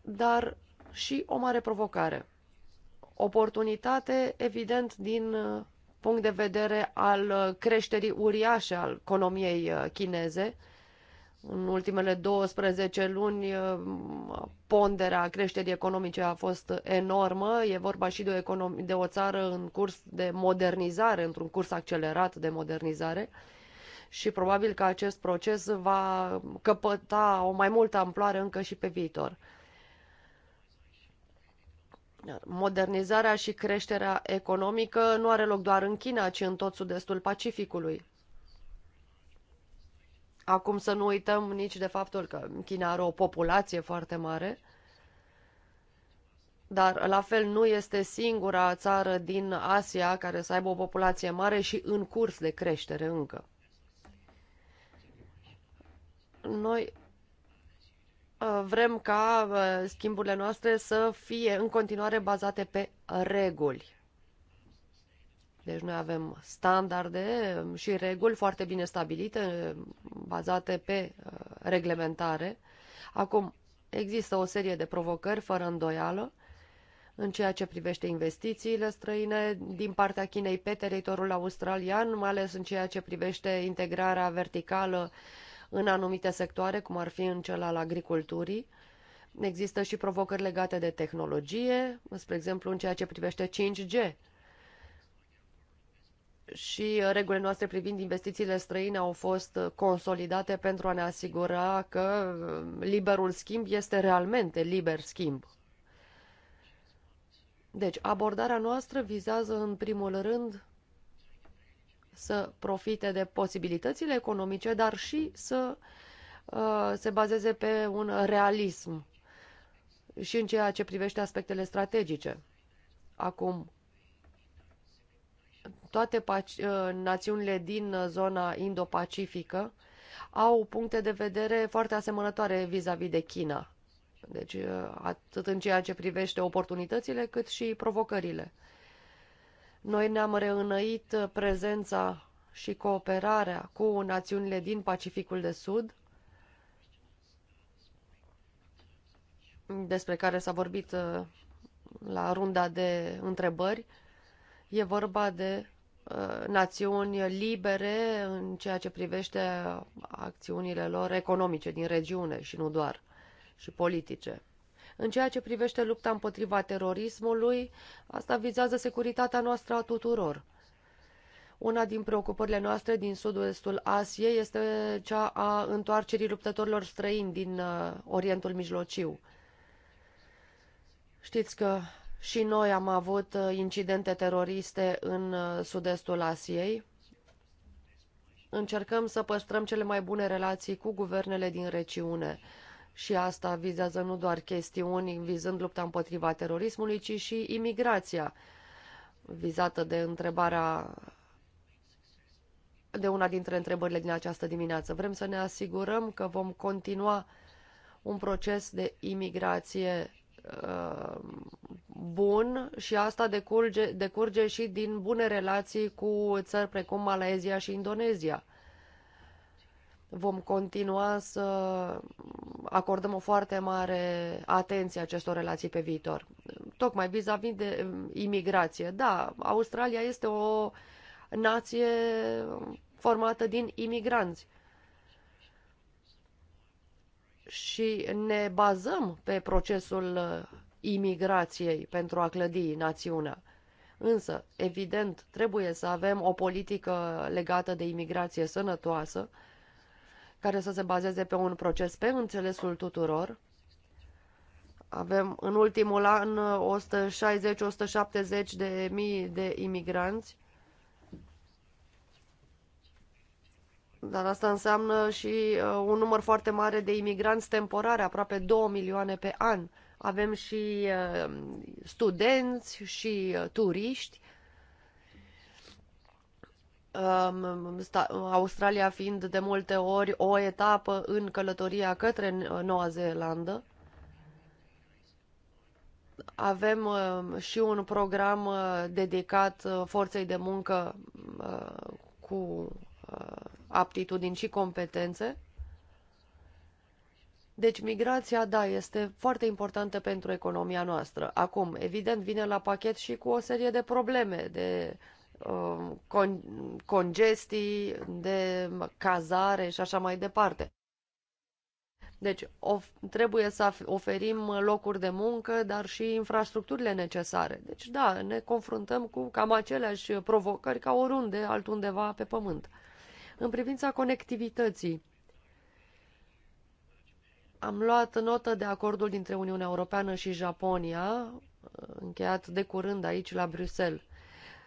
dar și o mare provocare. Oportunitate, evident, din punct de vedere al creșterii uriașe al economiei uh, chineze, în ultimele 12 luni, uh, ponderea creșterii economice a fost enormă. E vorba și de o, de o țară în curs de modernizare, într-un curs accelerat de modernizare și probabil că acest proces va căpăta o mai multă amploare încă și pe viitor. Modernizarea și creșterea economică nu are loc doar în China, ci în tot sud-estul Pacificului. Acum să nu uităm nici de faptul că China are o populație foarte mare, dar la fel nu este singura țară din Asia care să aibă o populație mare și în curs de creștere încă. Noi uh, vrem ca uh, schimburile noastre să fie în continuare bazate pe reguli. Deci noi avem standarde și reguli foarte bine stabilite, bazate pe uh, reglementare. Acum, există o serie de provocări, fără îndoială, în ceea ce privește investițiile străine din partea Chinei pe teritoriul australian, mai ales în ceea ce privește integrarea verticală în anumite sectoare, cum ar fi în cel al agriculturii. Există și provocări legate de tehnologie, spre exemplu în ceea ce privește 5G, și uh, regulile noastre privind investițiile străine au fost uh, consolidate pentru a ne asigura că uh, liberul schimb este realmente liber schimb. Deci, abordarea noastră vizează în primul rând să profite de posibilitățile economice, dar și să uh, se bazeze pe un realism și în ceea ce privește aspectele strategice. Acum, toate uh, națiunile din uh, zona Indo-Pacifică au puncte de vedere foarte asemănătoare vis-a-vis -vis de China. Deci, uh, atât în ceea ce privește oportunitățile, cât și provocările. Noi ne-am reînăit prezența și cooperarea cu națiunile din Pacificul de Sud, despre care s-a vorbit la runda de întrebări. E vorba de Uh, națiuni libere în ceea ce privește acțiunile lor economice din regiune și nu doar, și politice. În ceea ce privește lupta împotriva terorismului, asta vizează securitatea noastră a tuturor. Una din preocupările noastre din sud-estul Asiei este cea a întoarcerii luptătorilor străini din uh, Orientul Mijlociu. Știți că și noi am avut uh, incidente teroriste în uh, sud-estul Asiei. Încercăm să păstrăm cele mai bune relații cu guvernele din regiune. Și asta vizează nu doar chestiuni vizând lupta împotriva terorismului, ci și imigrația, vizată de întrebarea de una dintre întrebările din această dimineață. Vrem să ne asigurăm că vom continua un proces de imigrație bun și asta decurge, decurge și din bune relații cu țări precum Malaezia și Indonezia. Vom continua să acordăm o foarte mare atenție acestor relații pe viitor. Tocmai vis-a-vis -vis de um, imigrație. Da, Australia este o nație formată din imigranți și ne bazăm pe procesul uh, imigrației pentru a clădi națiunea. Însă, evident, trebuie să avem o politică legată de imigrație sănătoasă, care să se bazeze pe un proces pe înțelesul tuturor. Avem în ultimul an 160-170 uh, de mii de imigranți Dar asta înseamnă și uh, un număr foarte mare de imigranți temporari, aproape 2 milioane pe an. Avem și uh, studenți și uh, turiști. Um, Australia fiind de multe ori o etapă în călătoria către Noua Zeelandă. Avem și un program dedicat forței de muncă cu aptitudini și competențe. Deci migrația, da, este foarte importantă pentru economia noastră. Acum, evident, vine la pachet și cu o serie de probleme, de uh, con congestii, de cazare și așa mai departe. Deci trebuie să oferim locuri de muncă, dar și infrastructurile necesare. Deci da, ne confruntăm cu cam aceleași provocări ca oriunde altundeva pe pământ. În privința conectivității, am luat notă de acordul dintre Uniunea Europeană și Japonia, încheiat de curând aici la Bruxelles.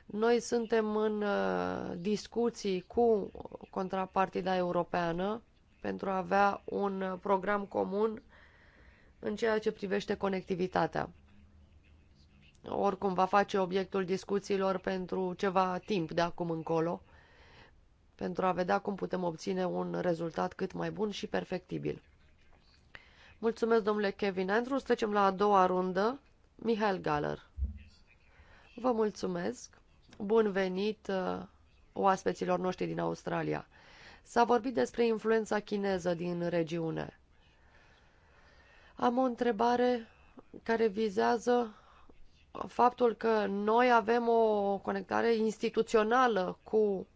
Noi suntem în uh, discuții cu contrapartida europeană pentru a avea un program comun în ceea ce privește conectivitatea. Oricum va face obiectul discuțiilor pentru ceva timp de acum încolo pentru a vedea cum putem obține un rezultat cât mai bun și perfectibil. Mulțumesc, domnule Kevin Andrews. Trecem la a doua rundă. Mihail Galler. Vă mulțumesc. Bun venit uh, oaspeților noștri din Australia. S-a vorbit despre influența chineză din regiune. Am o întrebare care vizează faptul că noi avem o conectare instituțională cu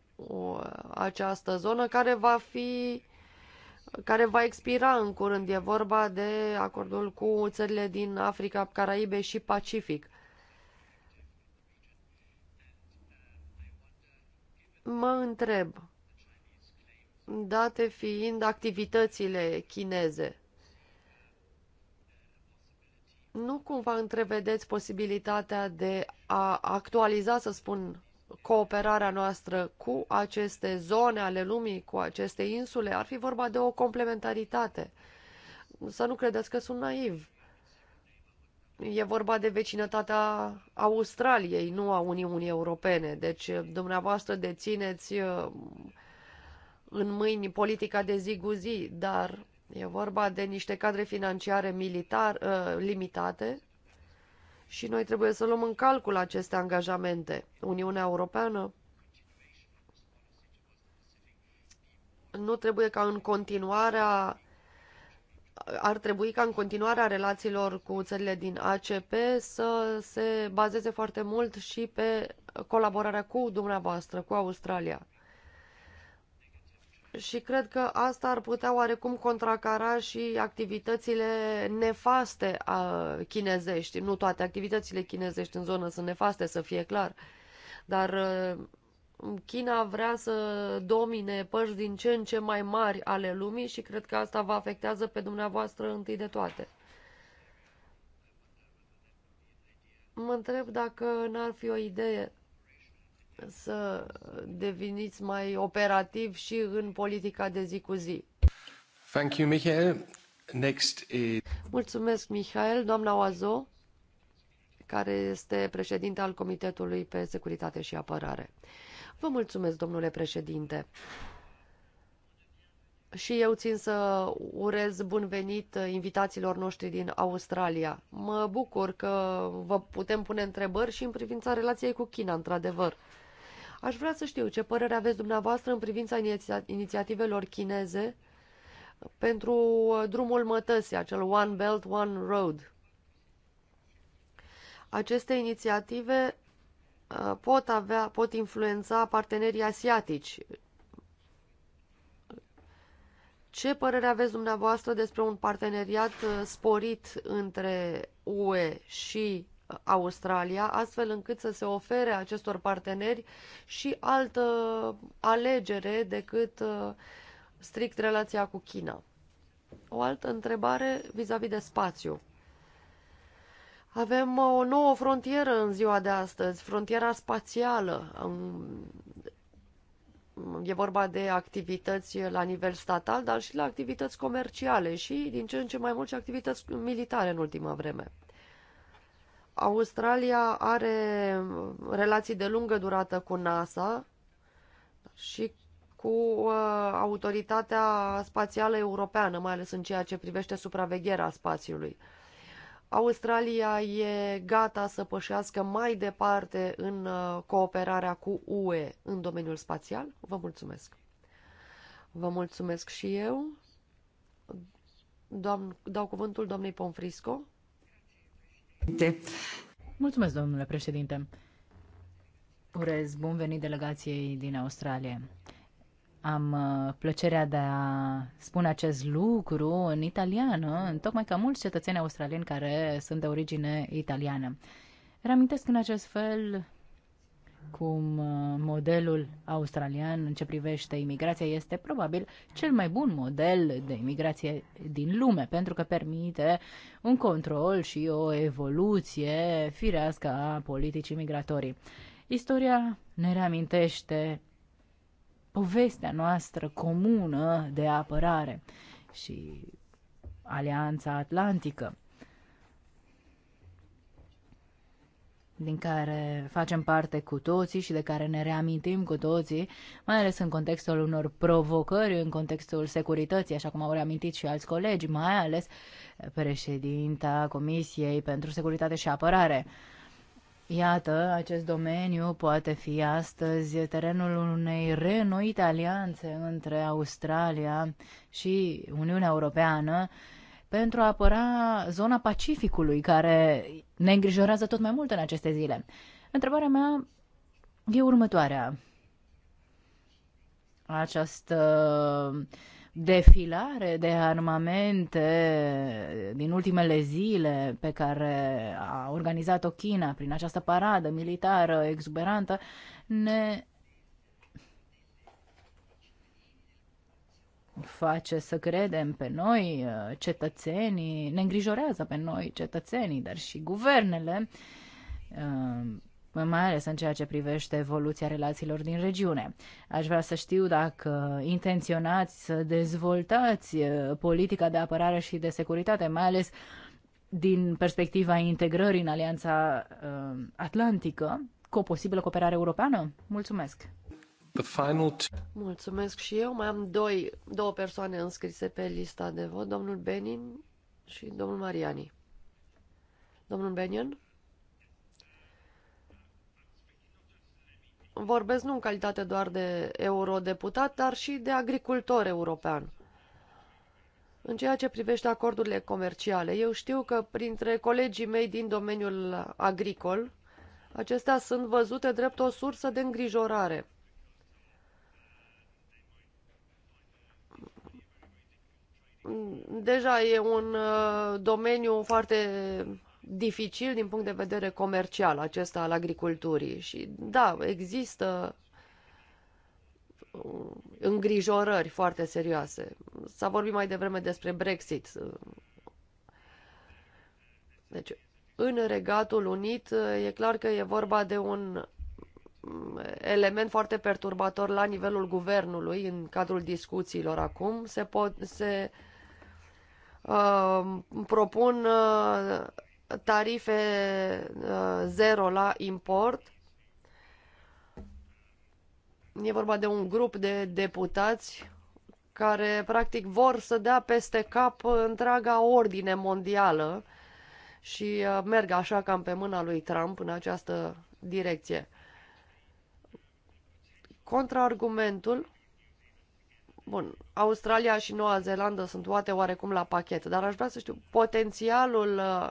această zonă care va fi care va expira în curând. E vorba de acordul cu țările din Africa, Caraibe și Pacific. Mă întreb, date fiind activitățile chineze, nu cumva întrevedeți posibilitatea de a actualiza, să spun, cooperarea noastră cu aceste zone ale lumii, cu aceste insule, ar fi vorba de o complementaritate. Să nu credeți că sunt naiv. E vorba de vecinătatea Australiei, nu a Uniunii Europene. Deci, dumneavoastră dețineți uh, în mâini politica de zi cu zi, dar e vorba de niște cadre financiare militar, uh, limitate, și noi trebuie să luăm în calcul aceste angajamente. Uniunea Europeană nu trebuie ca în continuarea ar trebui ca în continuarea relațiilor cu țările din ACP să se bazeze foarte mult și pe colaborarea cu dumneavoastră, cu Australia și cred că asta ar putea oarecum contracara și activitățile nefaste a chinezești. Nu toate activitățile chinezești în zonă sunt nefaste, să fie clar. Dar uh, China vrea să domine părți din ce în ce mai mari ale lumii și cred că asta vă afectează pe dumneavoastră întâi de toate. Mă întreb dacă n-ar fi o idee să deveniți mai operativ și în politica de zi cu zi. Thank you, Michael. Next is... Mulțumesc, Michael, Doamna Oazo, care este președinte al Comitetului pe Securitate și Apărare. Vă mulțumesc, domnule președinte. Și eu țin să urez bun venit invitațiilor noștri din Australia. Mă bucur că vă putem pune întrebări și în privința relației cu China, într-adevăr. Aș vrea să știu ce părere aveți dumneavoastră în privința iniția inițiativelor chineze pentru drumul mătăsii, acel One Belt, One Road. Aceste inițiative uh, pot, avea, pot influența partenerii asiatici. Ce părere aveți dumneavoastră despre un parteneriat uh, sporit între UE și Australia, astfel încât să se ofere acestor parteneri și altă alegere decât uh, strict relația cu China. O altă întrebare vis-a-vis -vis de spațiu. Avem uh, o nouă frontieră în ziua de astăzi, frontiera spațială. Um, e vorba de activități la nivel statal, dar și la activități comerciale și din ce în ce mai mult și activități militare în ultima vreme. Australia are relații de lungă durată cu NASA și cu uh, Autoritatea Spațială Europeană, mai ales în ceea ce privește supravegherea spațiului. Australia e gata să pășească mai departe în uh, cooperarea cu UE în domeniul spațial. Vă mulțumesc! Vă mulțumesc și eu. Doamn, dau cuvântul doamnei Pomfrisco. Mulțumesc, domnule președinte. Urez bun venit delegației din Australia. Am uh, plăcerea de a spune acest lucru în italiană, în tocmai ca mulți cetățeni australieni care sunt de origine italiană. Reamintesc în acest fel cum uh, modelul australian în ce privește imigrația este probabil cel mai bun model de imigrație din lume, pentru că permite un control și o evoluție firească a politicii migratorii. Istoria ne reamintește povestea noastră comună de apărare și Alianța Atlantică. din care facem parte cu toții și de care ne reamintim cu toții, mai ales în contextul unor provocări, în contextul securității, așa cum au reamintit și alți colegi, mai ales președinta Comisiei pentru Securitate și Apărare. Iată, acest domeniu poate fi astăzi terenul unei renoite alianțe între Australia și Uniunea Europeană, pentru a apăra zona Pacificului, care ne îngrijorează tot mai mult în aceste zile. Întrebarea mea e următoarea. Această defilare de armamente din ultimele zile pe care a organizat-o China prin această paradă militară exuberantă ne face să credem pe noi, uh, cetățenii, ne îngrijorează pe noi, cetățenii, dar și guvernele, uh, mai ales în ceea ce privește evoluția relațiilor din regiune. Aș vrea să știu dacă intenționați să dezvoltați uh, politica de apărare și de securitate, mai ales din perspectiva integrării în Alianța Atlantică, cu o posibilă cooperare europeană? Mulțumesc! The final Mulțumesc și eu. Mai am doi, două persoane înscrise pe lista de vot, domnul Benin și domnul Mariani. Domnul Benin? Vorbesc nu în calitate doar de eurodeputat, dar și de agricultor european. În ceea ce privește acordurile comerciale, eu știu că printre colegii mei din domeniul agricol, acestea sunt văzute drept o sursă de îngrijorare – deja e un uh, domeniu foarte dificil din punct de vedere comercial acesta al agriculturii și da, există uh, îngrijorări foarte serioase. S-a vorbit mai devreme despre Brexit. Deci, în Regatul Unit uh, e clar că e vorba de un mm, element foarte perturbator la nivelul guvernului în cadrul discuțiilor acum. Se, pot, se uh, Ehm, propun uh, tarife uh, zero la import. E vorba de un grup de deputați care practic vor să dea peste cap întreaga ordine mondială și uh, merg așa cam pe mâna lui Trump în această direcție. Contraargumentul Bun, Australia și Noua Zeelandă sunt toate oarecum la pachet, dar aș vrea să știu potențialul uh,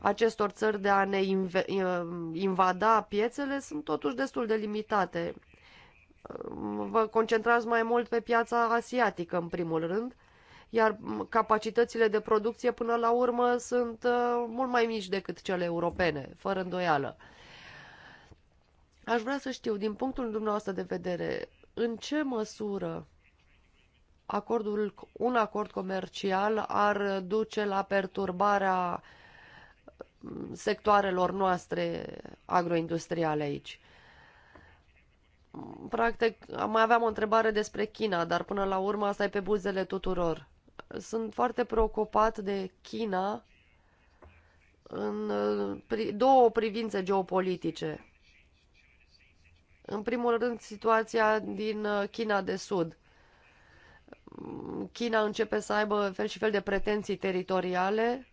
acestor țări de a ne inv uh, invada piețele sunt totuși destul de limitate. Uh, vă concentrați mai mult pe piața asiatică, în primul rând, iar capacitățile de producție până la urmă sunt mult mai mici decât cele europene, fără îndoială. Aș vrea să știu, din punctul dumneavoastră de vedere, în ce măsură acordul, un acord comercial ar duce la perturbarea sectoarelor noastre agroindustriale aici. Practic, mai aveam o întrebare despre China, dar până la urmă asta e pe buzele tuturor. Sunt foarte preocupat de China în două privințe geopolitice. În primul rând, situația din China de Sud – China începe să aibă fel și fel de pretenții teritoriale,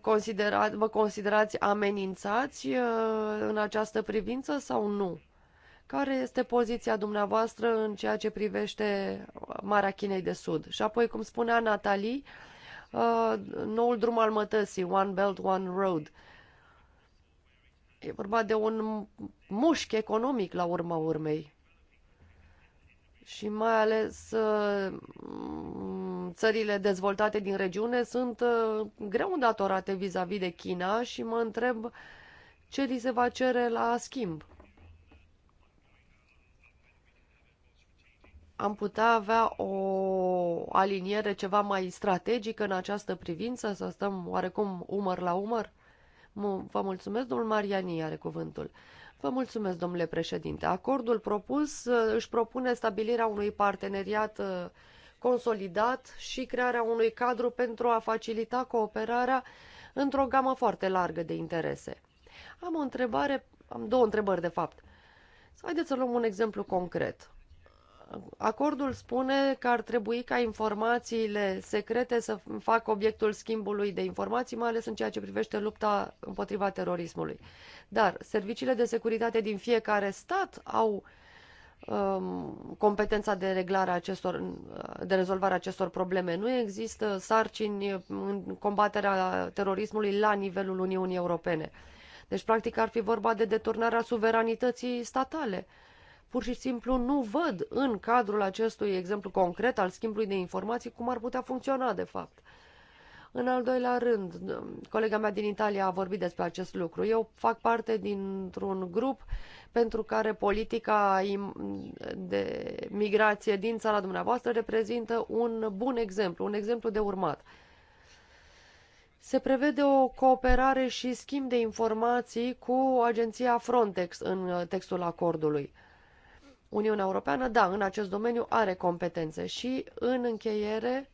considera, vă considerați amenințați uh, în această privință sau nu? Care este poziția dumneavoastră în ceea ce privește Marea Chinei de Sud? Și apoi, cum spunea Natalie, uh, noul drum al mătăsii, One Belt, One Road. E vorba de un mușchi economic la urma urmei și mai ales uh, țările dezvoltate din regiune sunt uh, greu îndatorate vis-a-vis -vis de China și mă întreb ce li se va cere la schimb. Am putea avea o aliniere ceva mai strategică în această privință, să stăm oarecum umăr la umăr? Vă mulțumesc, domnul Mariani are cuvântul. Vă mulțumesc, domnule președinte. Acordul propus uh, își propune stabilirea unui parteneriat uh, consolidat și crearea unui cadru pentru a facilita cooperarea într-o gamă foarte largă de interese. Am o întrebare, am două întrebări de fapt. Haideți să luăm un exemplu concret. Acordul spune că ar trebui ca informațiile secrete să facă obiectul schimbului de informații, mai ales în ceea ce privește lupta împotriva terorismului. Dar serviciile de securitate din fiecare stat au um, competența de reglare acestor, de rezolvare acestor probleme. Nu există sarcini în combaterea terorismului la nivelul Uniunii Europene. Deci, practic, ar fi vorba de deturnarea suveranității statale. Uh, pur și simplu nu văd în cadrul acestui exemplu concret al schimbului de informații cum ar putea funcționa de fapt. În al doilea rând, colega mea din Italia a vorbit despre acest lucru. Eu fac parte dintr-un grup pentru care politica de migrație din țara dumneavoastră reprezintă un bun exemplu, un exemplu de urmat. Se prevede o cooperare și schimb de informații cu agenția Frontex în uh, textul acordului. Uniunea Europeană, da, în acest domeniu are competențe și în încheiere,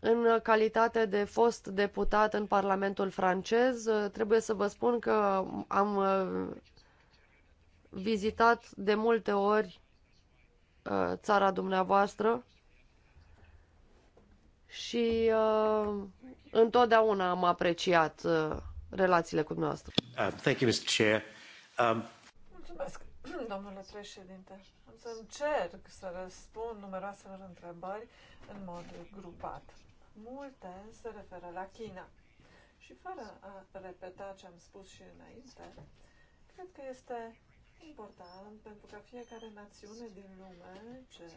în calitate de fost deputat în Parlamentul francez, trebuie să vă spun că am uh, vizitat de multe ori uh, țara dumneavoastră și uh, întotdeauna am apreciat relațiile cu dumneavoastră. Uh, thank you, Mr. Chair. Um... Mulțumesc. Mm, domnule președinte, am să încerc să răspund numeroaselor întrebări în mod grupat. Multe se referă la China. Și fără a repeta ce am spus și înainte, cred că este important pentru ca fiecare națiune din lume ce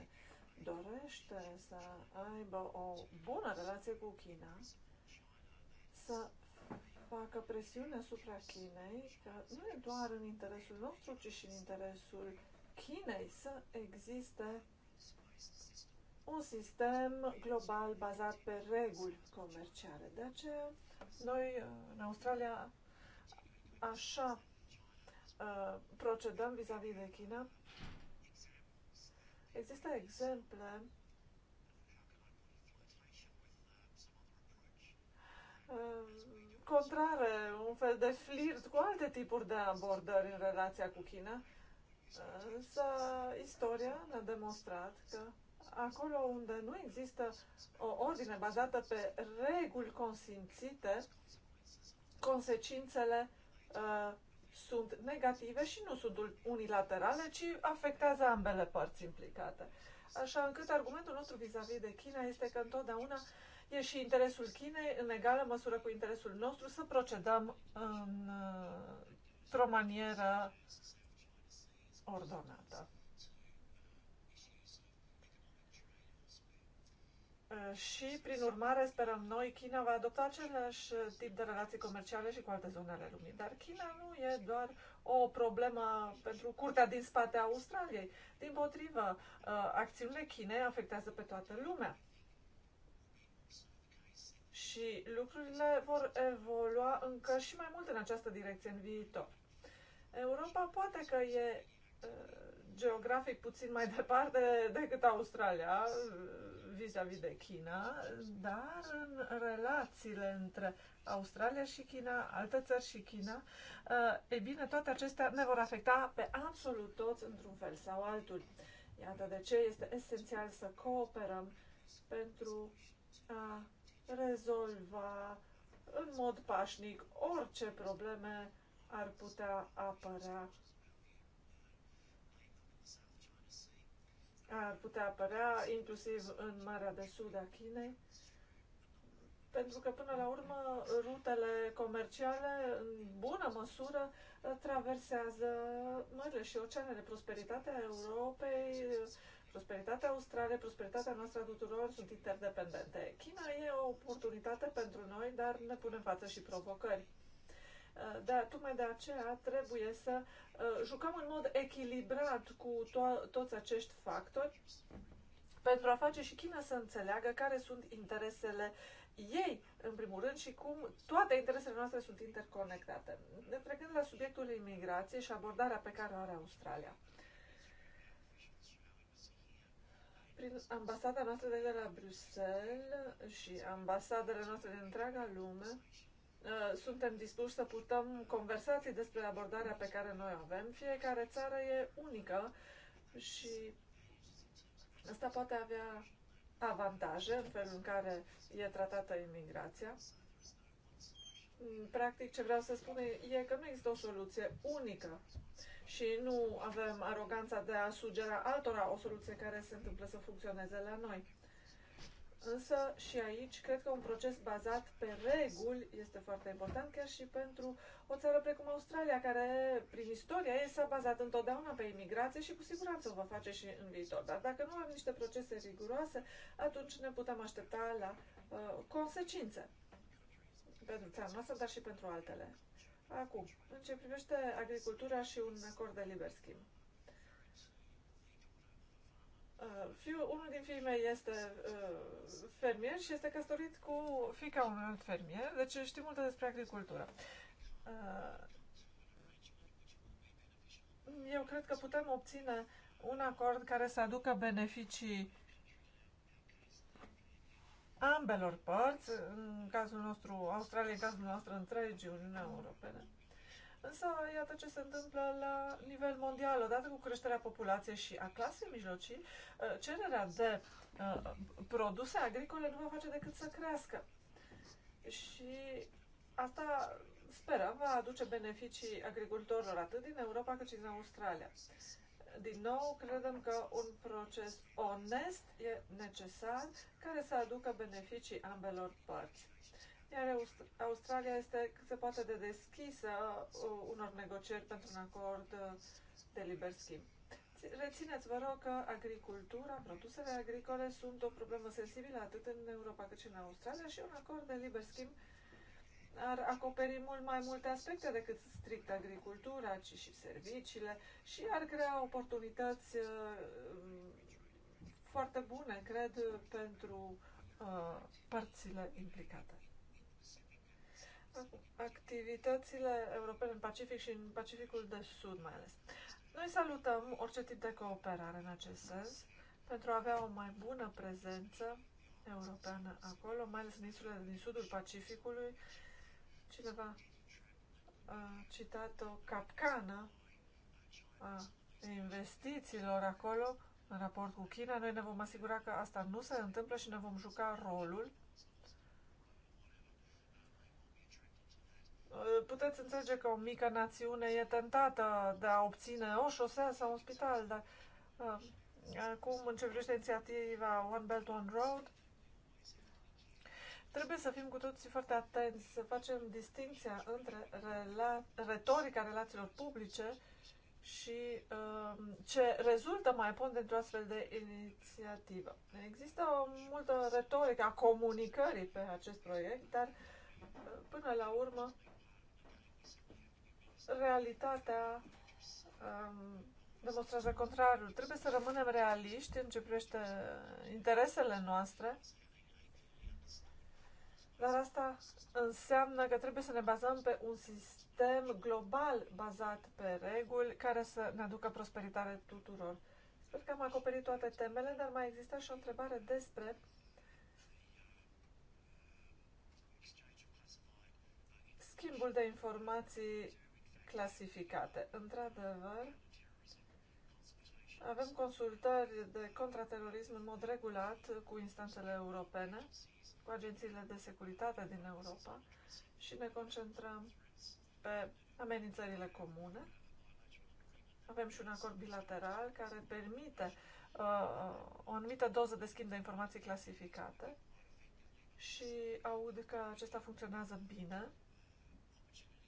dorește să aibă o bună relație cu China, să facă presiune asupra Chinei că nu e doar în interesul nostru, ci și în interesul Chinei să existe un sistem global bazat pe reguli comerciale. De aceea, noi în Australia așa uh, procedăm vis-a-vis -vis de China. Există exemple uh, contrare, un fel de flirt cu alte tipuri de abordări în relația cu China. Însă istoria ne-a demonstrat că acolo unde nu există o ordine bazată pe reguli consimțite, consecințele uh, sunt negative și nu sunt unilaterale, ci afectează ambele părți implicate. Așa încât argumentul nostru vis-a-vis -vis de China este că întotdeauna uh, E și interesul Chinei, în egală măsură cu interesul nostru, să procedăm în, într-o manieră ordonată. Și, prin urmare, sperăm noi, China va adopta același tip de relații comerciale și cu alte zone ale lumii. Dar China nu e doar o problemă pentru curtea din spate a Australiei. Din potrivă, uh, acțiunile Chinei afectează pe toată lumea și lucrurile vor evolua încă și mai mult în această direcție în viitor. Europa poate că e uh, geografic puțin mai departe decât Australia uh, vis-a-vis -vis de China, dar în relațiile între Australia și China, alte țări și China, uh, e bine, toate acestea ne vor afecta pe absolut toți într-un fel sau altul. Iată de ce este esențial să cooperăm pentru a rezolva în mod pașnic orice probleme ar putea apărea. Ar putea apărea inclusiv în Marea de Sud a Chinei, pentru că până la urmă rutele comerciale în bună măsură traversează mările și oceanele. Prosperitatea Europei Prosperitatea Australiei, prosperitatea noastră a tuturor sunt interdependente. China e o oportunitate pentru noi, dar ne pune în față și provocări. Da, tocmai de aceea trebuie să uh, jucăm în mod echilibrat cu to- toți acești factori pentru a face și China să înțeleagă care sunt interesele ei, în primul rând, și cum toate interesele noastre sunt interconectate. Trecând la subiectul imigrației și abordarea pe care o are Australia. prin ambasada noastră de la Bruxelles și ambasadele noastre din întreaga lume, uh, suntem dispuși să purtăm conversații despre abordarea pe care noi o avem. Fiecare țară e unică și asta poate avea avantaje în felul în care e tratată imigrația. Practic, ce vreau să spun e că nu există o soluție unică și nu avem aroganța de a sugera altora o soluție care se întâmplă să funcționeze la noi. Însă și aici cred că un proces bazat pe reguli este foarte important, chiar și pentru o țară precum Australia, care prin istoria ei s-a bazat întotdeauna pe imigrație și cu siguranță o va face și în viitor. Dar dacă nu avem niște procese riguroase, atunci ne putem aștepta la uh, consecințe pentru țara noastră, dar și pentru altele. Acum, în ce privește agricultura și un acord de liber schimb. Uh, fiu, unul din fiii mei este uh, fermier și este căsătorit cu fica unui alt fermier, deci știu multe despre agricultură. Uh, eu cred că putem obține un acord care să aducă beneficii ambelor părți, în cazul nostru Australia, în cazul nostru întregii Uniunea Europene. Însă, iată ce se întâmplă la nivel mondial. Odată cu creșterea populației și a clasei mijlocii, uh, cererea de uh, produse agricole nu va face decât să crească. Și asta sperăm va aduce beneficii agricultorilor atât din Europa cât și din Australia. Din nou, credem că un proces onest e necesar care să aducă beneficii ambelor părți. Iar Australia este cât se poate de deschisă uh, unor negocieri pentru un acord uh, de liber schimb. Rețineți, vă rog, că agricultura, produsele agricole sunt o problemă sensibilă atât în Europa cât și în Australia și un acord de liber schimb ar acoperi mult mai multe aspecte decât strict agricultura, ci și serviciile și ar crea oportunități uh, foarte bune, cred, pentru uh, părțile implicate. Activitățile europene în Pacific și în Pacificul de Sud mai ales. Noi salutăm orice tip de cooperare în acest sens pentru a avea o mai bună prezență europeană acolo, mai ales în insulele din sudul Pacificului Cineva a citat o capcană a investițiilor acolo în raport cu China. Noi ne vom asigura că asta nu se întâmplă și ne vom juca rolul. Puteți înțelege că o mică națiune e tentată de a obține o șosea sau un spital, dar um, acum în ce privește inițiativa One Belt, One Road, Trebuie să fim cu toții foarte atenți, să facem distinția între rela- retorica relațiilor publice și um, ce rezultă mai apoi dintr-o astfel de inițiativă. Există o multă retorică a comunicării pe acest proiect, dar uh, până la urmă realitatea um, demonstrează contrariul. Trebuie să rămânem realiști în ce privește interesele noastre dar asta înseamnă că trebuie să ne bazăm pe un sistem global bazat pe reguli care să ne aducă prosperitate tuturor. Sper că am acoperit toate temele, dar mai există și o întrebare despre schimbul de informații clasificate. Într-adevăr, avem consultări de contraterorism în mod regulat cu instanțele europene, cu agențiile de securitate din Europa și ne concentrăm pe amenințările comune. Avem și un acord bilateral care permite uh, o anumită doză de schimb de informații clasificate și aud că acesta funcționează bine.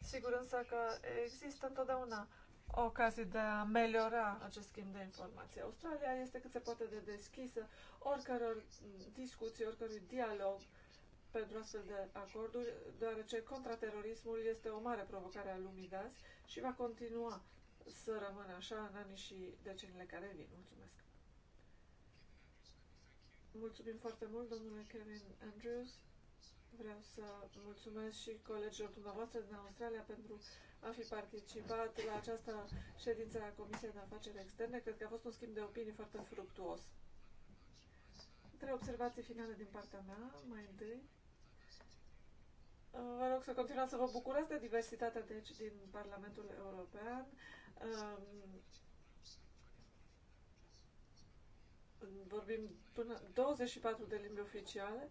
Sigur însă că există întotdeauna uh, ocazie de a ameliora acest schimb de informații. Australia este cât se poate de deschisă oricăror discuții, oricărui dialog pentru astfel de acorduri, deoarece contraterorismul este o mare provocare a lumii de azi și va continua să rămână așa în anii și deceniile care vin. Mulțumesc! Mulțumim foarte mult, domnule Kevin Andrews. Vreau să mulțumesc și colegilor dumneavoastră din Australia pentru a fi participat la această ședință a Comisiei de Afaceri Externe. Cred că a fost un schimb de opinii foarte fructuos. Trei observații finale din partea mea. Mai întâi, Vă rog să continuați să vă bucurați de diversitatea deci, din Parlamentul European. Vorbim până 24 de limbi oficiale.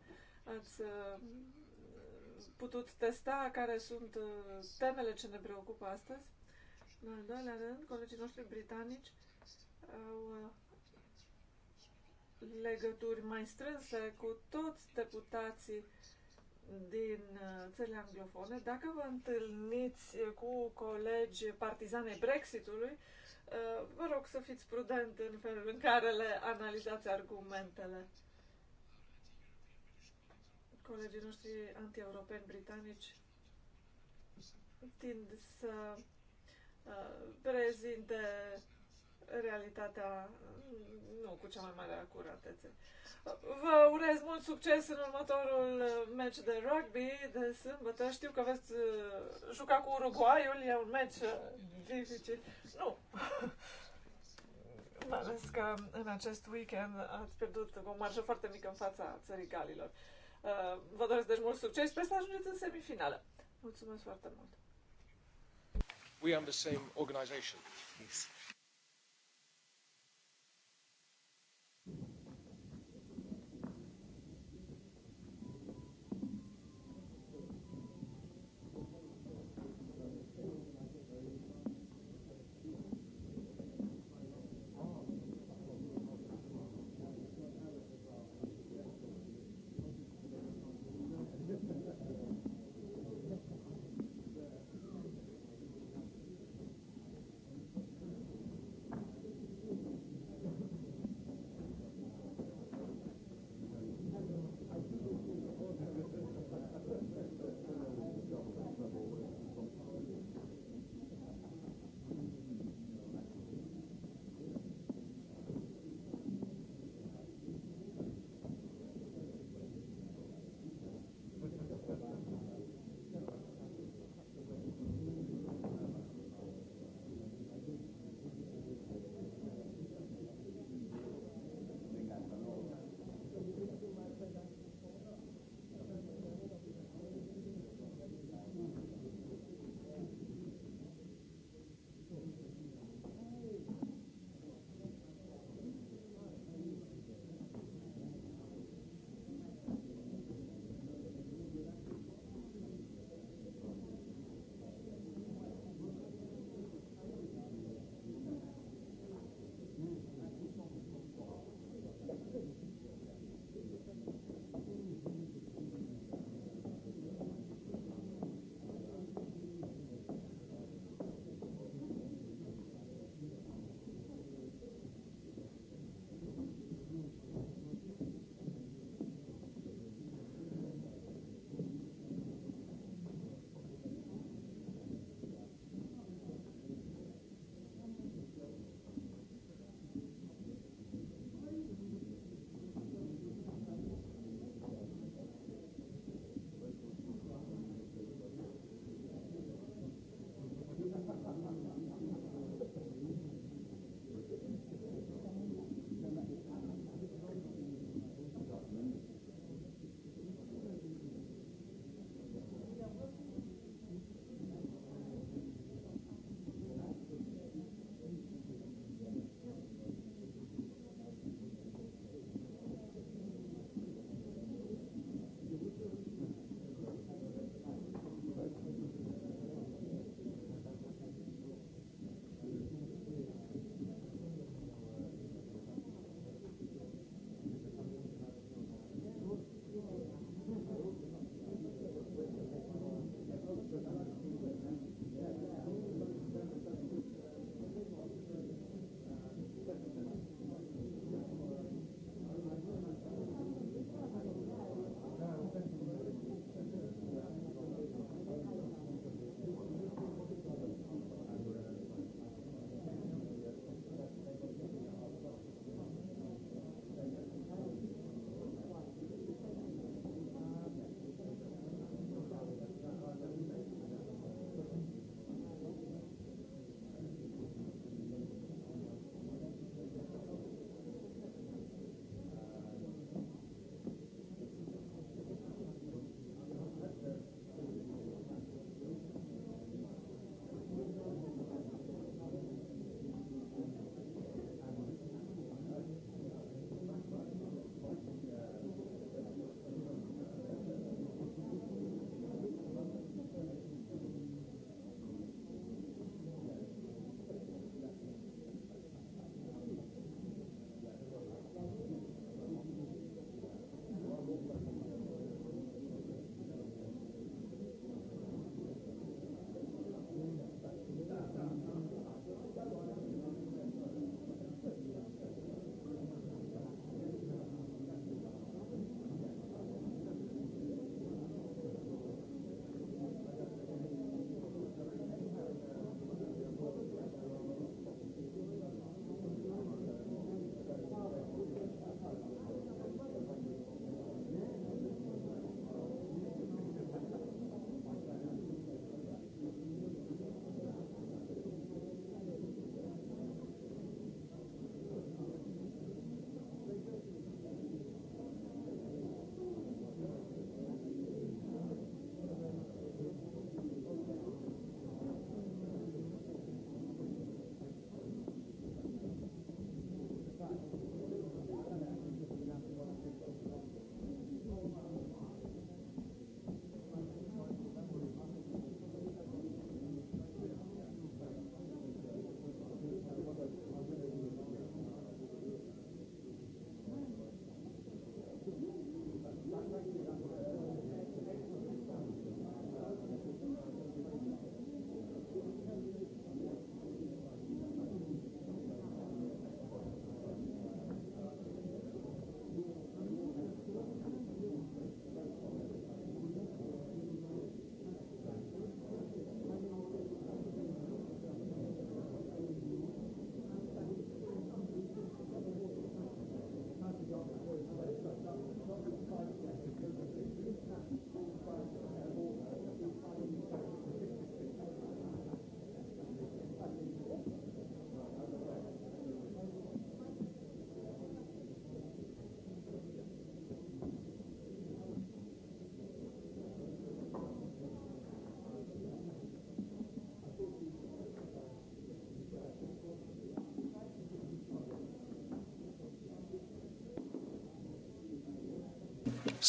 Ați putut testa care sunt uh, temele ce ne preocupă astăzi. În al doilea rând, colegii noștri britanici au uh, legături mai strânse cu toți deputații din uh, țările anglofone. Dacă vă întâlniți cu colegi partizane Brexitului, vă rog să fiți prudent în felul în care le analizați argumentele. Colegii noștri anti-europeni britanici tind să uh, prezinte realitatea uh, nu cu cea mai mare acuratețe. Uh, vă urez mult succes în următorul uh, meci de rugby de sâmbătă. Știu că veți juca cu Uruguayul, e un meci dificil. Nu! Mai ales că în acest weekend ați pierdut cu o marjă foarte mică în fața țării Galilor. Uh, vă doresc deci mult succes, sper să ajungeți în semifinală. Mulțumesc foarte mult! We are the same organization. Yes.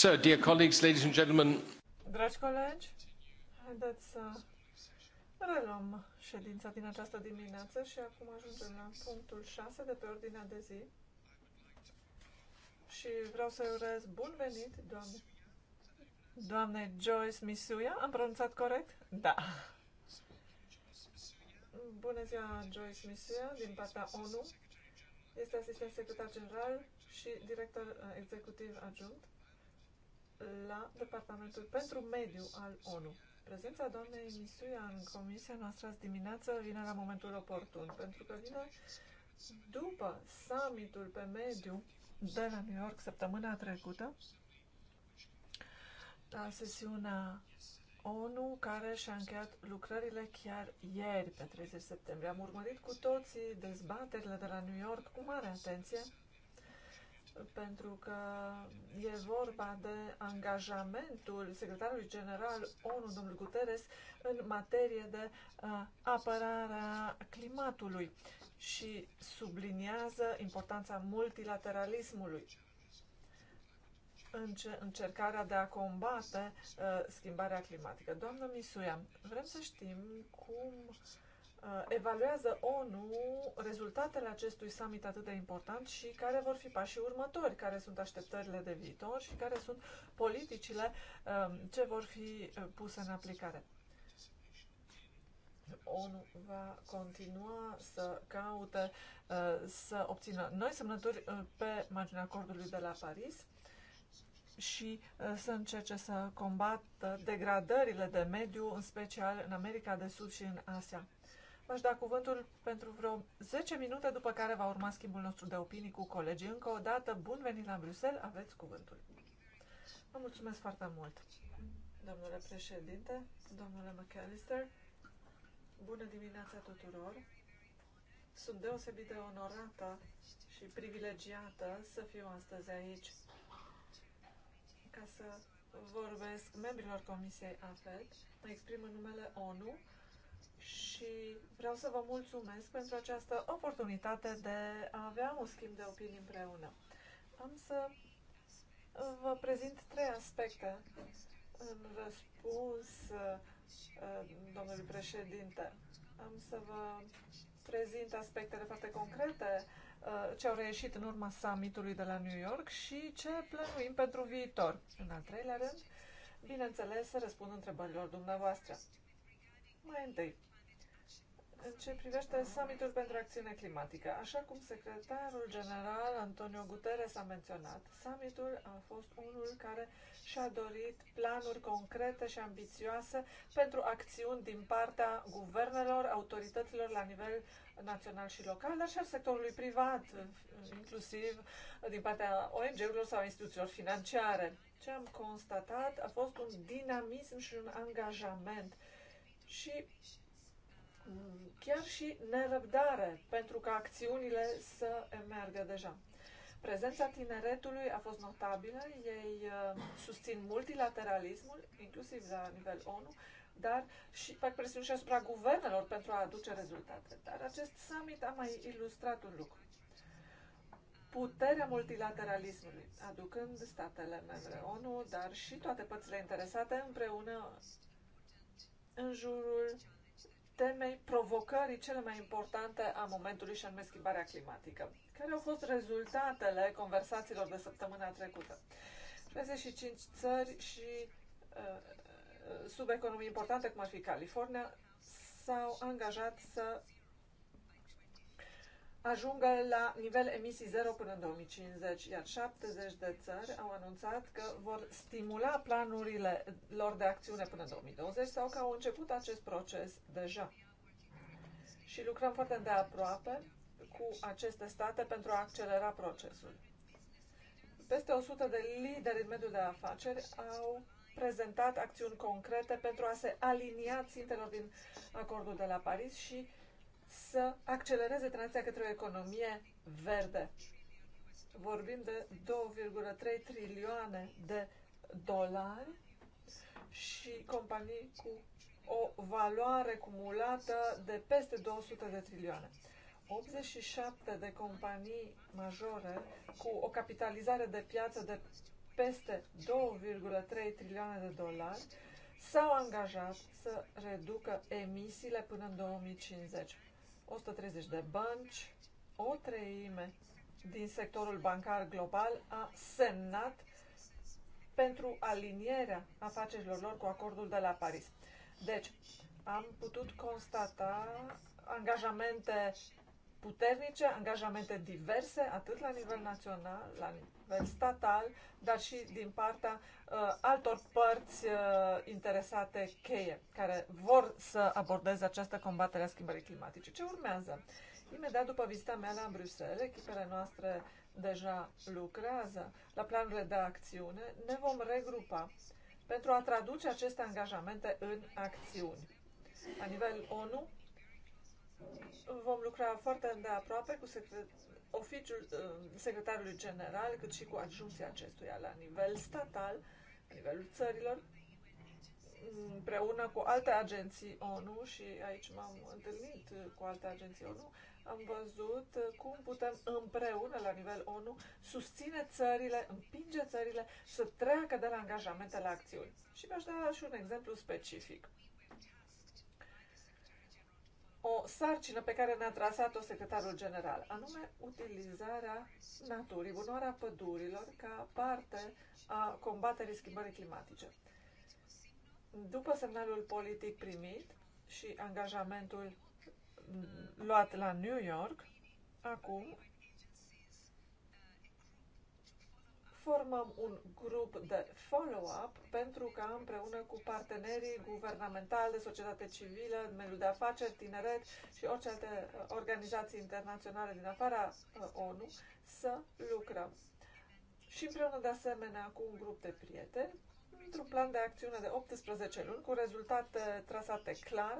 dear colleagues, ladies and gentlemen. Dragi colegi, haideți să reluăm ședința din această dimineață și acum ajungem la punctul 6 de pe ordinea de zi. Și vreau să urez bun venit, doamne. Doamne Joyce Misuia, am pronunțat corect? Da. Bună ziua, Joyce Misuia, din partea ONU. Este asistent secretar general și director uh, executiv adjunct la Departamentul pentru Mediu al ONU. Prezența doamnei Misuia în comisia noastră azi dimineață vine la momentul oportun, pentru că vine după summitul pe mediu de la New York săptămâna trecută, la sesiunea ONU, care și-a încheiat lucrările chiar ieri, pe 30 septembrie. Am urmărit cu toții dezbaterile de la New York cu mare atenție pentru că e vorba de angajamentul secretarului general ONU, domnul Guterres, în materie de uh, apărarea climatului și subliniază importanța multilateralismului în încercarea de a combate uh, schimbarea climatică. Doamnă Misuia, vrem să știm cum uh, Uh, evaluează ONU rezultatele acestui summit atât de important și care vor fi pașii următori, care sunt așteptările de viitor și care sunt politicile um, ce vor fi uh, puse în aplicare. ONU va continua să caute uh, să obțină noi semnături pe marginea acordului de la Paris și să încerce să combată degradările de mediu, în special în America de Sud și în Asia. Aș da cuvântul pentru vreo 10 minute, după care va urma schimbul nostru de opinii cu colegii. Încă o dată, bun venit la Bruxelles, aveți cuvântul. Vă mulțumesc foarte mult, domnule președinte, domnule McAllister. Bună dimineața tuturor! Sunt deosebit de onorată și privilegiată să fiu astăzi aici ca să vorbesc membrilor Comisiei AFET. Mă exprim în numele ONU și vreau să vă mulțumesc pentru această oportunitate de a avea un schimb de opinii împreună. Am să vă prezint trei aspecte în răspuns uh, domnului președinte. Am să vă prezint aspectele foarte concrete uh, ce au reieșit în urma summitului de la New York și ce plănuim pentru viitor. În al treilea rând, bineînțeles, să răspund întrebărilor dumneavoastră. Mai întâi, ce privește summitul pentru acțiune climatică. Așa cum secretarul general Antonio Guterres a menționat, summitul a fost unul care și-a dorit planuri concrete și ambițioase pentru acțiuni din partea guvernelor, autorităților la nivel național și local, dar și al sectorului privat, inclusiv din partea ONG-urilor sau instituțiilor financiare. Ce am constatat a fost un dinamism și un angajament și chiar și nerăbdare pentru ca acțiunile să meargă deja. Prezența tineretului a fost notabilă, ei uh, susțin multilateralismul, inclusiv la nivel ONU, dar și fac presiuni și asupra guvernelor pentru a aduce rezultate. Dar acest summit a mai ilustrat un lucru. Puterea multilateralismului, aducând statele membre ONU, dar și toate părțile interesate împreună în jurul temei provocării cele mai importante a momentului și anume schimbarea climatică. Care au fost rezultatele conversațiilor de săptămâna trecută? 65 țări și uh, uh, sub economii importante, cum ar fi California, s-au angajat să ajungă la nivel emisii zero până în 2050, iar 70 de țări au anunțat că vor stimula planurile lor de acțiune până în 2020 sau că au început acest proces deja. Și lucrăm foarte de aproape cu aceste state pentru a accelera procesul. Peste 100 de lideri în mediul de afaceri au prezentat acțiuni concrete pentru a se alinia țintelor din acordul de la Paris și să accelereze tranziția către o economie verde. Vorbim de 2,3 trilioane de dolari și companii cu o valoare cumulată de peste 200 de trilioane. 87 de companii majore cu o capitalizare de piață de peste 2,3 trilioane de dolari s-au angajat să reducă emisiile până în 2050. 130 de bănci, o treime din sectorul bancar global a semnat pentru alinierea afacerilor lor cu acordul de la Paris. Deci, am putut constata angajamente puternice, angajamente diverse, atât la nivel național, la nivel statal, dar și din partea uh, altor părți uh, interesate cheie, care vor să abordeze această combatere a schimbării climatice. Ce urmează? Imediat după vizita mea la Bruxelles, echipele noastre deja lucrează la planurile de acțiune, ne vom regrupa pentru a traduce aceste angajamente în acțiuni. La nivel ONU, vom lucra foarte îndeaproape cu secre- oficiul uh, secretarului general, cât și cu adjunția acestuia la nivel statal, la nivelul țărilor, împreună cu alte agenții ONU și aici m-am întâlnit cu alte agenții ONU, am văzut cum putem împreună la nivel ONU susține țările, împinge țările să treacă de la angajamente la acțiuni. Și mi-aș da și un exemplu specific o sarcină pe care ne-a trasat-o secretarul general, anume utilizarea naturii, bunoarea pădurilor ca parte a combaterii schimbării climatice. După semnalul politic primit și angajamentul luat la New York, acum formăm un grup de follow-up pentru ca împreună cu partenerii guvernamentali, de societate civilă, mediul de afaceri, tineret și orice alte uh, organizații internaționale din afara uh, ONU să lucrăm. Și împreună de asemenea cu un grup de prieteni, într-un plan de acțiune de 18 luni, cu rezultate trasate clar,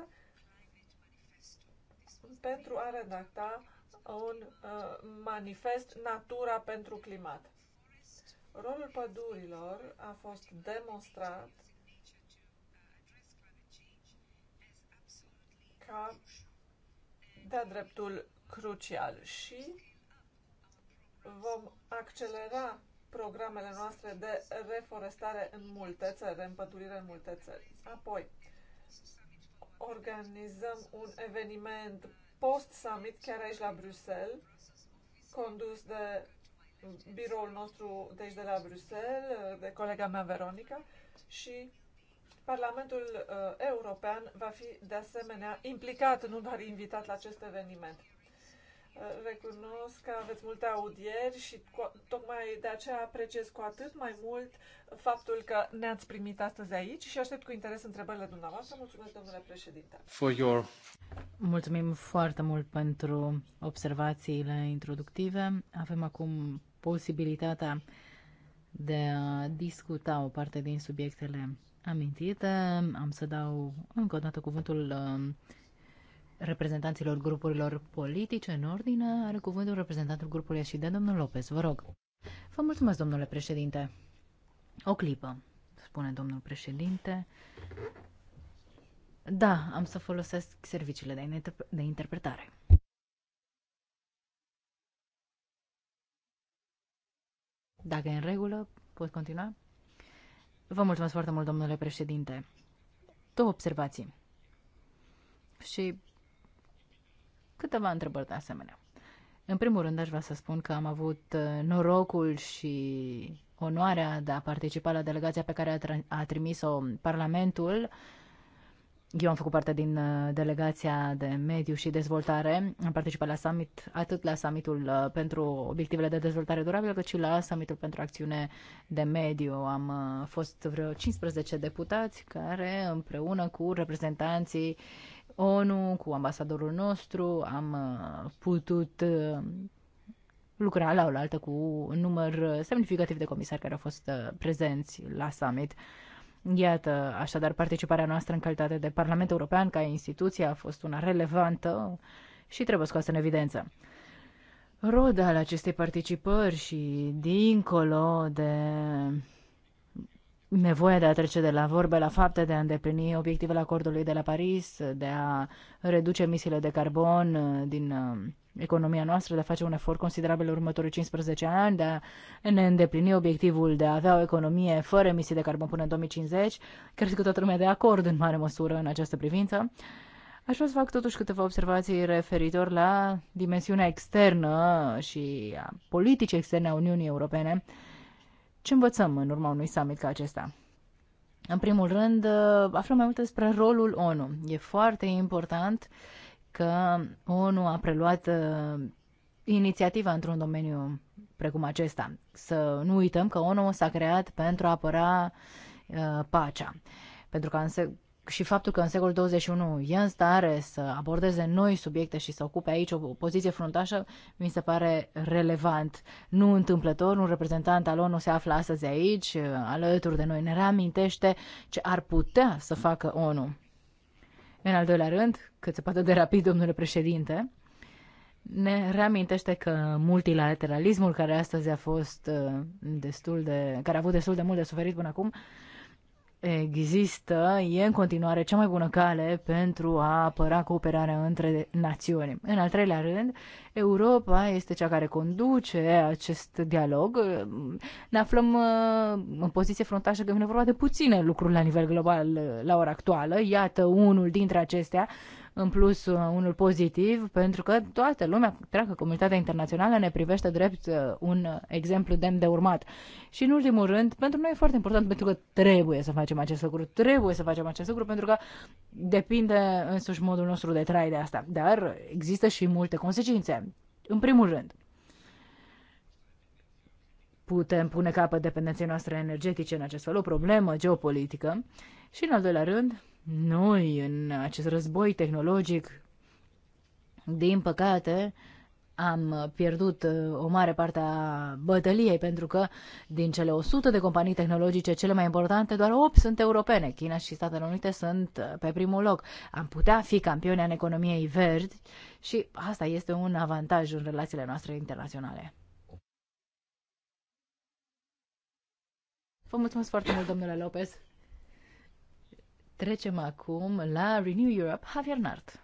pentru a redacta un uh, manifest Natura pentru Climat. Rolul pădurilor a fost demonstrat ca de-a dreptul crucial și vom accelera programele noastre de reforestare în multe țări, împădurire în multe țări. Apoi, organizăm un eveniment post-summit chiar aici la Bruxelles, condus de biroul nostru de aici de la Bruxelles, de colega mea Veronica și Parlamentul uh, European va fi de asemenea implicat, nu doar invitat la acest eveniment. Recunosc că aveți multe audieri și tocmai de aceea apreciez cu atât mai mult faptul că ne-ați primit astăzi aici și aștept cu interes întrebările dumneavoastră. Mulțumesc, domnule președinte. For your... Mulțumim foarte mult pentru observațiile introductive. Avem acum posibilitatea de a discuta o parte din subiectele amintite. Am să dau încă o dată cuvântul uh, reprezentanților grupurilor politice în ordine. Are cuvântul reprezentantul grupului și de domnul Lopez. Vă rog. Vă mulțumesc, domnule președinte. O clipă, spune domnul președinte. Da, am să folosesc serviciile de, interp- de interpretare. Dacă e în regulă, pot continua? Vă mulțumesc foarte mult, domnule președinte. Două observații. Și câteva întrebări de asemenea. În primul rând, aș vrea să spun că am avut uh, norocul și onoarea de a participa la delegația pe care a, a trimis-o Parlamentul. Eu am făcut parte din uh, delegația de mediu și dezvoltare. Am participat la summit, atât la summitul uh, pentru obiectivele de dezvoltare durabilă, cât și la summitul pentru acțiune de mediu. Am fost vreo 15 deputați care, împreună cu reprezentanții uh, ONU, cu ambasadorul nostru, am uh, putut uh, lucra la oaltă cu un număr uh, semnificativ de comisari care au fost prezenți la summit. Iată, așadar, participarea noastră în calitate de Parlament European ca instituție a fost una relevantă și trebuie scoasă în evidență. Roda al acestei participări și dincolo de nevoia de a trece de la vorbe la fapte, de a îndeplini obiectivele acordului de la Paris, de a reduce emisiile de carbon uh, din uh, economia noastră, de a face un efort considerabil în următorii 15 ani, de a ne îndeplini obiectivul de a avea o economie fără emisii de carbon până în 2050. Cred că toată lumea de acord în mare măsură în această privință. Aș vrea să fac totuși câteva observații referitor la dimensiunea externă și a politicii externe a Uniunii Europene ce învățăm în urma unui summit ca acesta? În primul rând, uh, aflăm mai multe despre rolul ONU. E foarte important că ONU a preluat uh, inițiativa într-un domeniu precum acesta. Să nu uităm că ONU s-a creat pentru a apăra uh, pacea. Pentru ca în și faptul că în secolul 21 e în stare să abordeze noi subiecte și să ocupe aici o poziție fruntașă, mi se pare relevant. Nu întâmplător, un reprezentant al ONU se află astăzi aici, alături de noi, ne reamintește ce ar putea să facă ONU. În al doilea rând, cât se poate de rapid, domnule președinte, ne reamintește că multilateralismul care astăzi a fost uh, destul de, care a avut destul de mult de suferit până acum, uh, există, e în continuare cea mai bună cale pentru a apăra cooperarea între națiuni. În al treilea rând, Europa este cea care conduce acest dialog. Ne aflăm uh, în poziție frontașă că vine vorba de puține lucruri la nivel global uh, la ora actuală. Iată unul dintre acestea, în plus uh, unul pozitiv, pentru că toată lumea, treacă comunitatea internațională ne privește drept uh, un exemplu demn de urmat. Și în ultimul rând, pentru noi e foarte important pentru că trebuie să facem acest lucru, trebuie să facem acest lucru pentru că depinde însuși modul nostru de trai de asta. Dar există și multe consecințe. În primul rând, putem pune capăt dependenței noastre energetice în acest fel, o problemă geopolitică. Și în al doilea rând, noi în acest război tehnologic. Din păcate, am pierdut uh, o mare parte a bătăliei pentru că din cele 100 de companii tehnologice cele mai importante, doar 8 sunt europene. China și Statele Unite sunt uh, pe primul loc. Am putea fi campioni în economiei verzi și asta este un avantaj în relațiile noastre internaționale. Vă mulțumesc foarte mult, domnule Lopez. Trecem acum la Renew Europe, Javier Nart.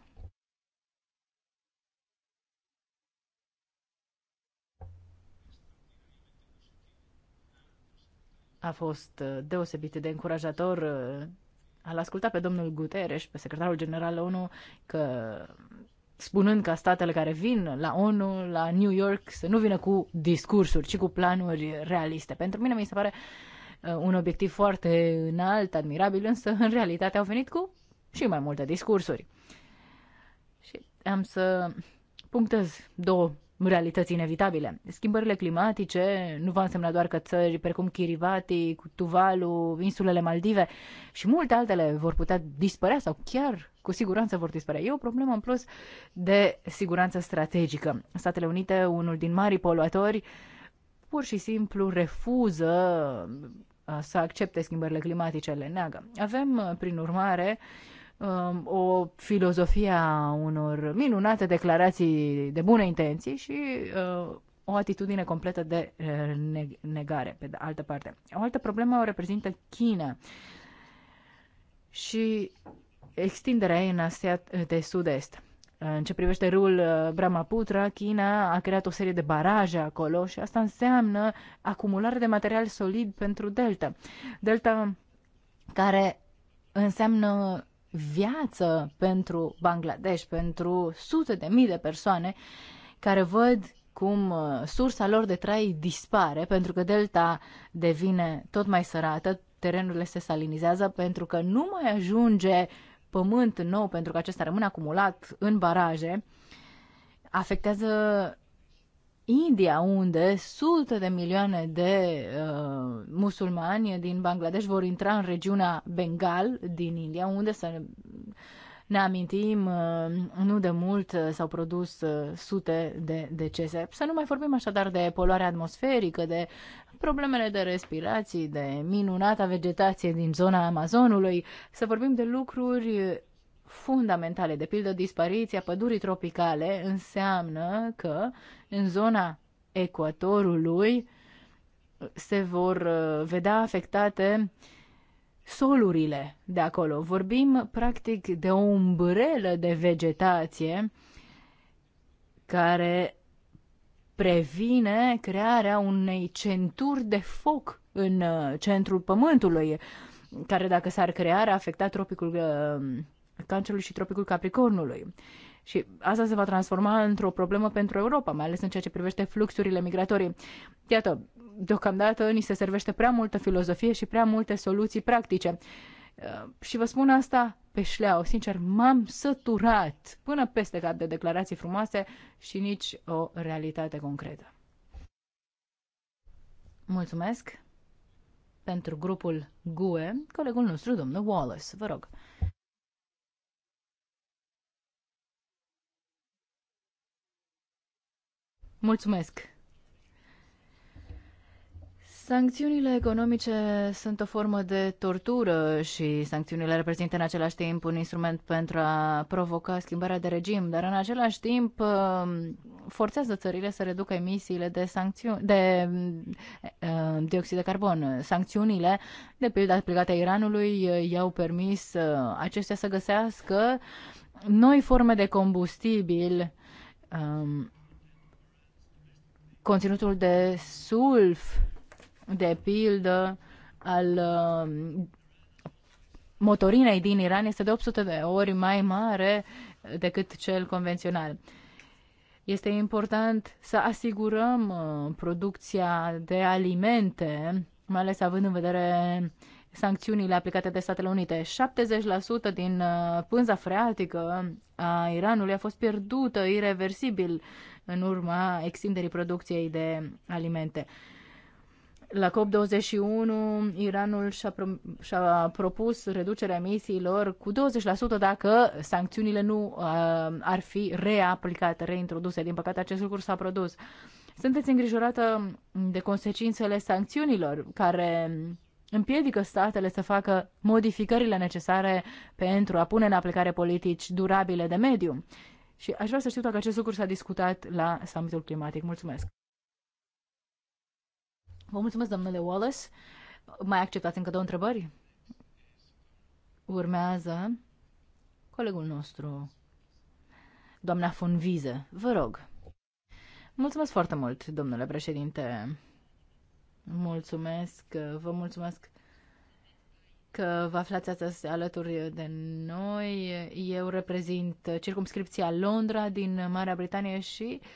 A fost uh, deosebit de încurajator uh, a asculta pe domnul Guterres, pe secretarul general ONU, că spunând ca statele care vin la ONU, la New York, să nu vină cu discursuri, ci cu planuri realiste. Pentru mine mi se pare uh, Uh, un obiectiv foarte înalt, admirabil, însă în realitate au venit cu și mai multe discursuri. Și am să punctez două realități inevitabile. Schimbările climatice nu va însemna doar că țări precum Kiribati, Tuvalu, insulele Maldive și multe altele vor putea dispărea sau chiar cu siguranță vor dispărea. E o problemă în plus de siguranță strategică. Statele Unite, unul din mari poluatori, pur și simplu refuză să accepte schimbările climatice, le neagă. Avem, prin urmare, um, o filozofie a unor minunate declarații de bune intenții și o atitudine completă de negare, pe de altă parte. O altă problemă o reprezintă China și extinderea ei în Asia de Sud-Est. În ce privește râul uh, Brahmaputra, China a creat o serie de baraje acolo și asta înseamnă acumulare de material solid pentru delta. Delta care înseamnă viață pentru Bangladesh, pentru sute de mii de persoane care văd cum uh, sursa lor de trai dispare pentru că delta devine tot mai sărată, terenurile se salinizează pentru că nu mai ajunge pământ nou pentru că acesta rămâne acumulat în baraje, afectează India, unde sute de milioane de uh, musulmani din Bangladesh vor intra în regiunea Bengal din India, unde să ne amintim, uh, nu de mult uh, s-au produs uh, sute de decese. Să nu mai vorbim așadar de poluarea atmosferică, de problemele de respirații, de minunata vegetație din zona Amazonului, să vorbim de lucruri fundamentale. De pildă, dispariția pădurii tropicale înseamnă că în zona ecuatorului se vor uh, vedea afectate solurile de acolo. Vorbim practic de o umbrelă de vegetație care previne crearea unei centuri de foc în uh, centrul Pământului, care dacă s-ar crea ar afecta tropicul uh, Cancerului și tropicul Capricornului. Și asta se va transforma într-o problemă pentru Europa, mai ales în ceea ce privește fluxurile migratorii. Iată, deocamdată ni se servește prea multă filozofie și prea multe soluții practice. Uh, și vă spun asta pe șleau. Sincer, m-am săturat până peste cap de declarații frumoase și nici o realitate concretă. Mulțumesc pentru grupul GUE, colegul nostru, domnul Wallace. Vă rog. Mulțumesc, Sancțiunile economice sunt o formă de tortură și sancțiunile reprezintă în același timp un instrument pentru a provoca schimbarea de regim, dar în același timp um, forțează țările să reducă emisiile de, sancțiuni, de uh, dioxid de carbon. Sancțiunile, de pildă aplicate Iranului, uh, i-au permis uh, acestea să găsească noi forme de combustibil um, conținutul de sulf de pildă, al uh, motorinei din Iran este de 800 de ori mai mare decât cel convențional. Este important să asigurăm uh, producția de alimente, mai ales având în vedere sancțiunile aplicate de Statele Unite. 70% din uh, pânza freatică a Iranului a fost pierdută irreversibil în urma extinderii producției de alimente. La COP21, Iranul și-a, pro- și propus reducerea emisiilor cu 20% dacă sancțiunile nu uh, ar fi reaplicate, reintroduse. Din păcate, acest lucru s-a produs. Sunteți îngrijorată de consecințele sancțiunilor care împiedică statele să facă modificările necesare pentru a pune în aplicare politici durabile de mediu. Și aș vrea să știu dacă acest lucru s-a discutat la summitul climatic. Mulțumesc! Vă mulțumesc, domnule Wallace. Mai acceptați încă două întrebări? Urmează colegul nostru, doamna Wiese. Vă rog. Mulțumesc foarte mult, domnule președinte. Mulțumesc, vă mulțumesc că vă aflați astăzi alături de noi. Eu reprezint circumscripția Londra din Marea Britanie și uh,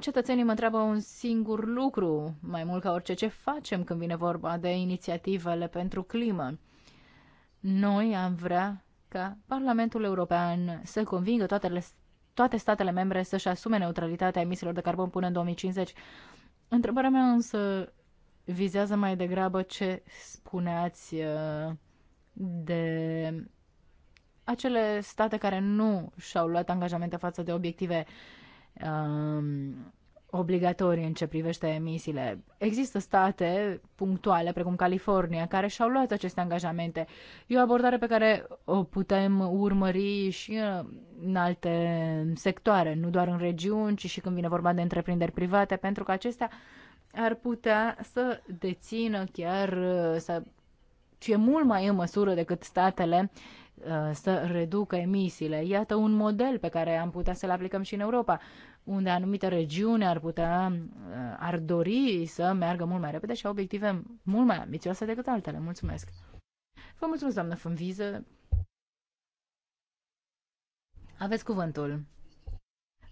Cetățenii mă întreabă un singur lucru, mai mult ca orice ce facem când vine vorba de inițiativele pentru climă. Noi am vrea ca Parlamentul European să convingă toate, toate statele membre să-și asume neutralitatea emisiilor de carbon până în 2050. Întrebarea mea însă vizează mai degrabă ce spuneați uh, de acele state care nu și-au luat angajamente față de obiective um, obligatorii în ce privește emisiile. Există state punctuale, precum California, care și-au luat aceste angajamente. E o abordare pe care o putem urmări și în alte sectoare, nu doar în regiuni, ci și când vine vorba de întreprinderi private, pentru că acestea ar putea să dețină chiar, să fie mult mai în măsură decât statele Uh, să reducă emisiile. Iată un model pe care am putea să-l aplicăm și în Europa, unde anumite regiuni ar putea, uh, ar dori să meargă mult mai repede și au obiective mult mai ambițioase decât altele. Mulțumesc! Vă mulțumesc, doamnă Fânviză! Aveți cuvântul.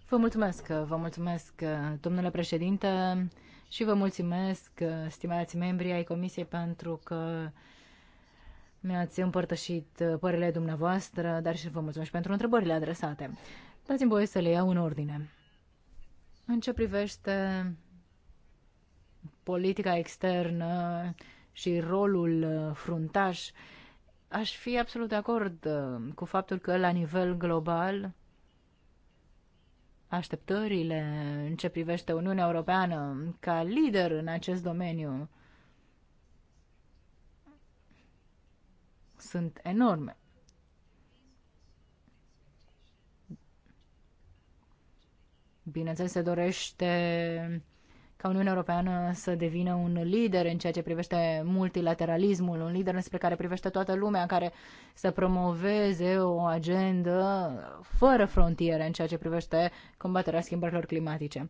Vă mulțumesc, vă mulțumesc, domnule președinte, și vă mulțumesc, stimați membri ai Comisiei, pentru că mi-ați împărtășit uh, părerile dumneavoastră, dar și vă mulțumesc pentru întrebările adresate. Dați-mi voie să le iau în ordine. În ce privește politica externă și rolul uh, fruntaș, aș fi absolut de acord uh, cu faptul că la nivel global așteptările în ce privește Uniunea Europeană ca lider în acest domeniu sunt enorme. Bineînțeles, se dorește ca Uniunea Europeană să devină un lider în ceea ce privește multilateralismul, un lider spre care privește toată lumea, care să promoveze o agendă fără frontiere în ceea ce privește combaterea schimbărilor climatice.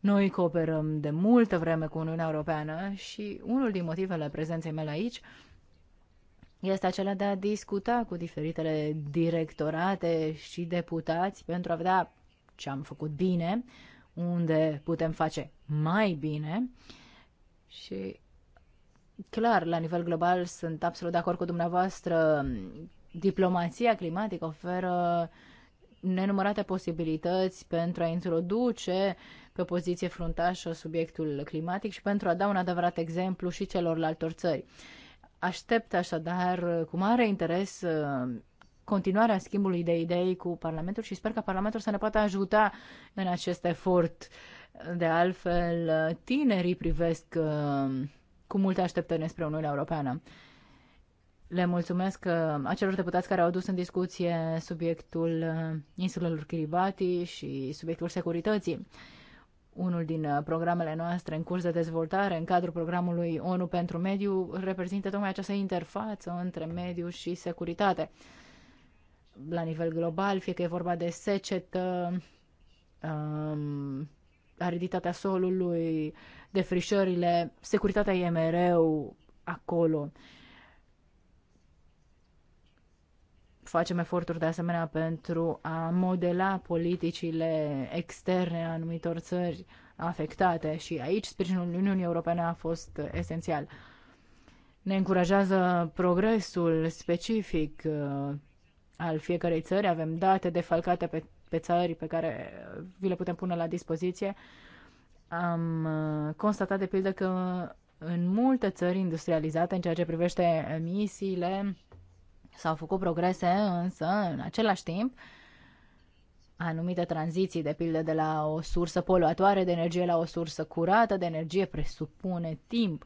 Noi cooperăm de multă vreme cu Uniunea Europeană și unul din motivele prezenței mele aici este acela de a discuta cu diferitele directorate și deputați pentru a vedea ce am făcut bine, unde putem face mai bine și clar, la nivel global sunt absolut de acord cu dumneavoastră, diplomația climatică oferă nenumărate posibilități pentru a introduce pe poziție fruntașă subiectul climatic și pentru a da un adevărat exemplu și celorlalte țări. Aștept așadar cu mare interes uh, continuarea schimbului de idei cu Parlamentul și sper că Parlamentul să ne poată ajuta în acest efort. De altfel, tinerii privesc uh, cu multe așteptări spre Uniunea Europeană. Le mulțumesc uh, acelor deputați care au dus în discuție subiectul insulelor Kiribati și subiectul securității. Unul din uh, programele noastre în curs de dezvoltare în cadrul programului ONU pentru mediu reprezintă tocmai această interfață între mediu și securitate. La nivel global, fie că e vorba de secetă, um, ariditatea solului, defrișările, securitatea e mereu acolo. Uh, facem eforturi de asemenea pentru a modela politicile externe a anumitor țări afectate și aici sprijinul Uniunii Europene a fost esențial. Ne încurajează progresul specific uh, al fiecarei țări, avem date defalcate pe, pe țări pe care vi le putem pune la dispoziție. Am uh, constatat de pildă că în multe țări industrializate, în ceea ce privește emisiile, S-au făcut progrese, însă, în același timp, anumite tranziții, de pildă de la o sursă poluatoare de energie la o sursă curată de energie, presupune timp.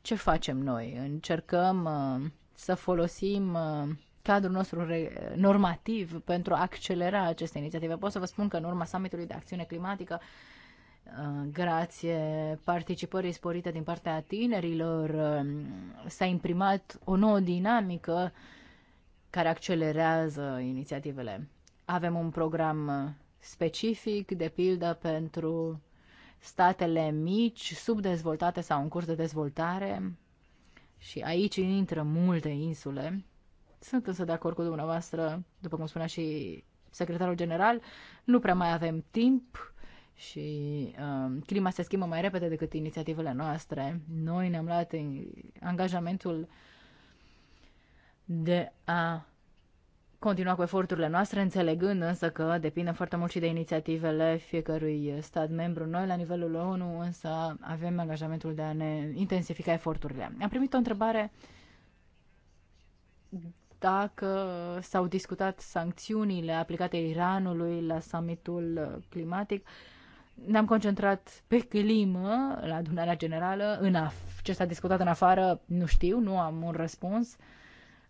Ce facem noi? Încercăm uh, să folosim uh, cadrul nostru normativ pentru a accelera aceste inițiative. Pot să vă spun că în urma summitului de acțiune climatică, uh, Uh, grație participării sporite din partea tinerilor, um, s-a imprimat o nouă dinamică care accelerează inițiativele. Avem un program specific, de pildă, pentru statele mici, subdezvoltate sau în curs de dezvoltare și aici intră multe insule. Sunt însă de acord cu dumneavoastră, după cum spunea și secretarul general, nu prea mai avem timp și uh, clima se schimbă mai repede decât inițiativele noastre. Noi ne-am luat angajamentul de a continua cu eforturile noastre, înțelegând însă că depinde foarte mult și de inițiativele fiecărui stat membru. Noi, la nivelul ONU, însă avem angajamentul de a ne intensifica eforturile. Am primit o întrebare dacă s-au discutat sancțiunile aplicate Iranului la summitul climatic. Uh, ne-am concentrat pe climă la adunarea generală. În af- ce s-a discutat în afară, nu știu, nu am un răspuns.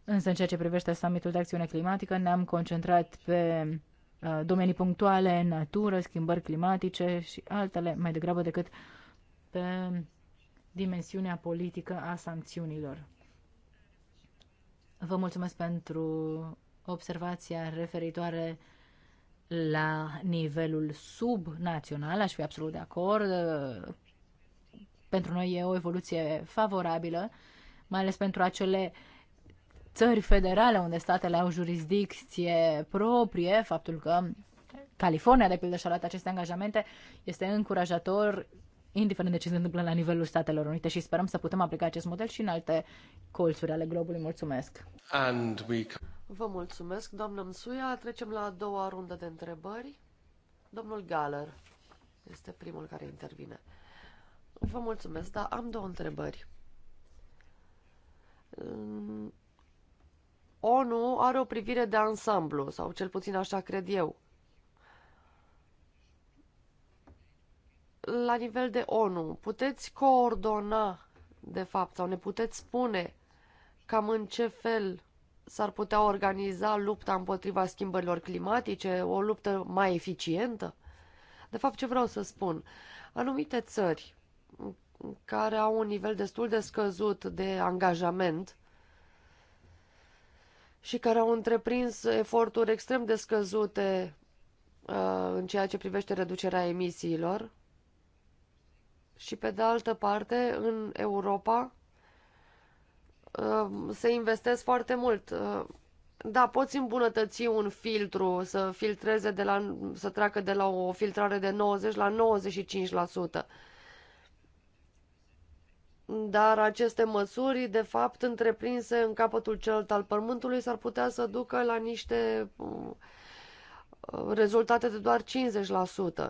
Însă în ceea ce privește summitul de acțiune climatică, ne-am concentrat pe uh, domenii punctuale, natură, schimbări climatice și altele, mai degrabă decât pe dimensiunea politică a sancțiunilor. Vă mulțumesc pentru observația referitoare la nivelul subnațional, aș fi absolut de acord. Pentru noi e o evoluție favorabilă, mai ales pentru acele țări federale unde statele au jurisdicție proprie, faptul că California, de pildă, și-a luat aceste angajamente, este încurajator indiferent de ce se întâmplă la nivelul Statelor Unite și sperăm să putem aplica acest model și în alte colțuri ale globului. Mulțumesc! And we... Vă mulțumesc, doamnă Msuia. Trecem la a doua rundă de întrebări. Domnul Galer este primul care intervine. Vă mulțumesc, dar am două întrebări. ONU are o privire de ansamblu, sau cel puțin așa cred eu. La nivel de ONU, puteți coordona, de fapt, sau ne puteți spune cam în ce fel s-ar putea organiza lupta împotriva schimbărilor climatice, o luptă mai eficientă? De fapt, ce vreau să spun? Anumite țări care au un nivel destul de scăzut de angajament și care au întreprins eforturi extrem de scăzute uh, în ceea ce privește reducerea emisiilor. Și pe de altă parte, în Europa, Uh, să investesc foarte mult. Uh, da, poți îmbunătăți un filtru, să filtreze de la, să treacă de la o filtrare de 90 la 95%. Dar aceste măsuri, de fapt, întreprinse în capătul celălalt al pământului, s-ar putea să ducă la niște uh, rezultate de doar 50%.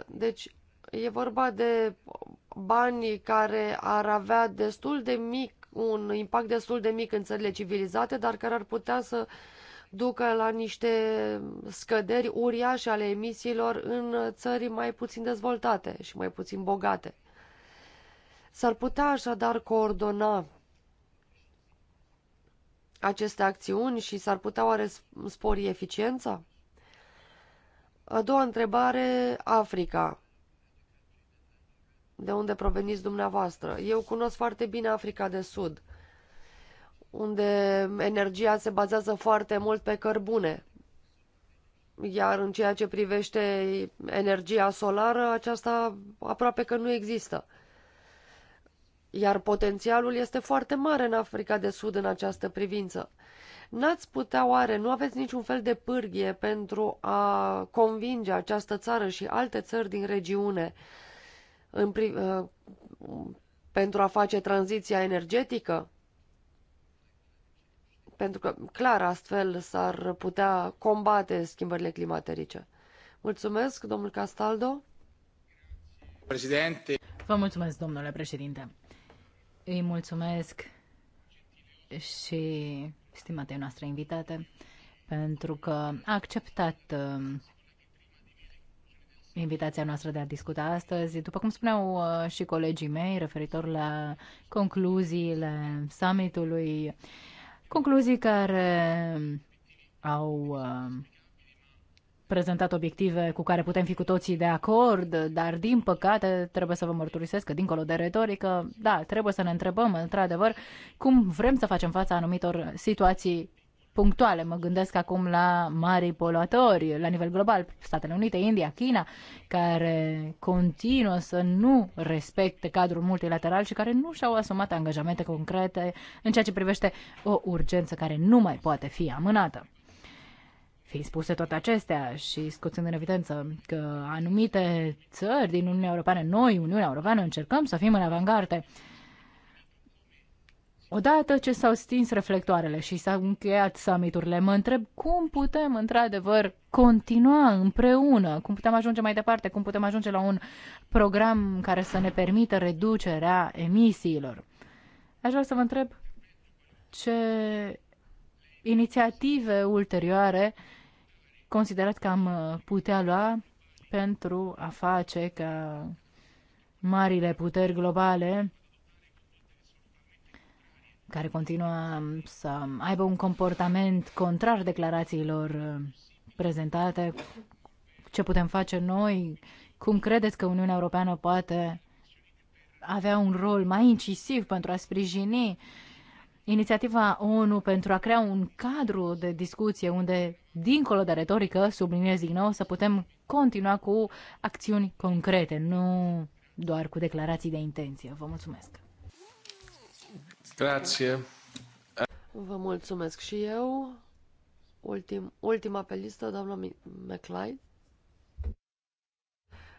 Deci e vorba de banii care ar avea destul de mic un impact destul de mic în țările civilizate, dar care ar putea să ducă la niște scăderi uriașe ale emisiilor în țări mai puțin dezvoltate și mai puțin bogate. S-ar putea așadar coordona aceste acțiuni și s-ar putea oare spori eficiența? A doua întrebare, Africa de unde proveniți dumneavoastră. Eu cunosc foarte bine Africa de Sud, unde energia se bazează foarte mult pe cărbune. Iar în ceea ce privește energia solară, aceasta aproape că nu există. Iar potențialul este foarte mare în Africa de Sud în această privință. N-ați putea oare, nu aveți niciun fel de pârghie pentru a convinge această țară și alte țări din regiune în, uh, pentru a face tranziția energetică? Pentru că, clar, astfel s-ar putea combate schimbările climaterice. Mulțumesc, domnul Castaldo. Președinte. Vă mulțumesc, domnule președinte. Îi mulțumesc și stimatei noastre invitate pentru că a acceptat uh, invitația noastră de a discuta astăzi. După cum spuneau uh, și colegii mei, referitor la concluziile summitului, concluzii care au uh, prezentat obiective cu care putem fi cu toții de acord, dar din păcate trebuie să vă mărturisesc că dincolo de retorică, da, trebuie să ne întrebăm într-adevăr cum vrem să facem fața anumitor situații punctuale. Mă gândesc acum la mari poluatori la nivel global, Statele Unite, India, China, care continuă să nu respecte cadrul multilateral și care nu și-au asumat angajamente concrete în ceea ce privește o urgență care nu mai poate fi amânată. Fiind spuse toate acestea și scoțând în evidență că anumite țări din Uniunea Europeană, noi, Uniunea Europeană, încercăm să fim în avangarde Odată ce s-au stins reflectoarele și s-au încheiat summiturile, mă întreb cum putem, într-adevăr, continua împreună, cum putem ajunge mai departe, cum putem ajunge la un program care să ne permită reducerea emisiilor. Aș vrea să vă întreb ce inițiative ulterioare considerați că am putea lua pentru a face ca marile puteri globale care continuă să aibă un comportament contrar declarațiilor uh, prezentate. Ce putem face noi? Cum credeți că Uniunea Europeană poate avea un rol mai incisiv pentru a sprijini inițiativa ONU pentru a crea un cadru de discuție unde, dincolo de retorică, subliniez din nou, să putem continua cu acțiuni concrete, nu doar cu declarații de intenție. Vă mulțumesc! Vă mulțumesc și eu. Ultim, ultima pe listă, doamna McLeod.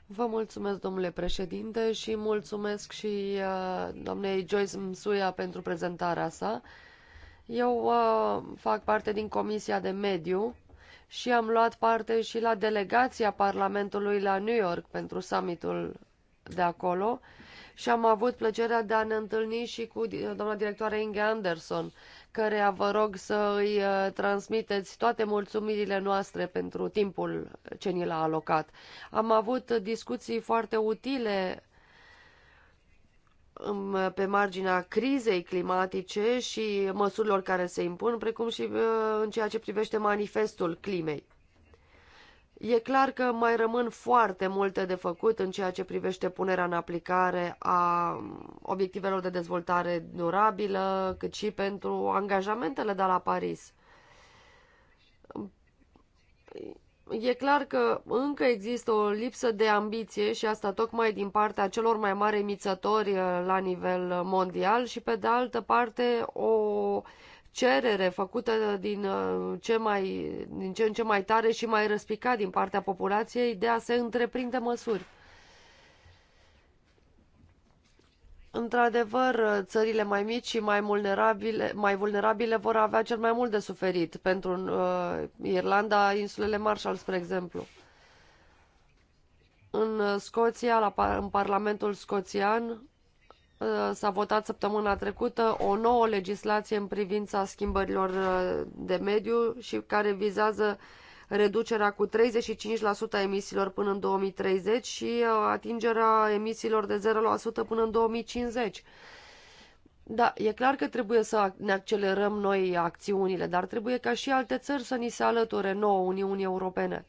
Vă mulțumesc, domnule președinte, și mulțumesc și uh, doamnei Joyce Msuia pentru prezentarea sa. Eu uh, fac parte din Comisia de Mediu și am luat parte și la delegația Parlamentului la New York pentru summitul de acolo și am avut plăcerea de a ne întâlni și cu doamna directoare Inge Anderson, care vă rog să îi uh, transmiteți toate mulțumirile noastre pentru timpul ce ni l-a alocat. Am avut discuții foarte utile um, pe marginea crizei climatice și măsurilor care se impun, precum și uh, în ceea ce privește manifestul climei. E clar că mai rămân foarte multe de făcut în ceea ce privește punerea în aplicare a obiectivelor de dezvoltare durabilă, cât și pentru angajamentele de la Paris. E clar că încă există o lipsă de ambiție și asta tocmai din partea celor mai mari emițători uh, la nivel mondial și pe de altă parte o cerere făcută din uh, ce, mai, din ce în ce mai tare și mai răspicat din partea populației de a se întreprinde măsuri. Într-adevăr, țările mai mici și mai vulnerabile, mai vulnerabile vor avea cel mai mult de suferit pentru uh, Irlanda, insulele Marshall, spre exemplu. În Scoția, la, în Parlamentul Scoțian, Uh, s-a votat săptămâna trecută o nouă legislație în privința schimbărilor uh, de mediu și care vizează reducerea cu 35% a emisiilor până în 2030 și uh, atingerea emisiilor de 0% până în 2050. Da, e clar că trebuie să ne accelerăm noi acțiunile, dar trebuie ca și alte țări să ni se alăture nouă Uniunii Europene.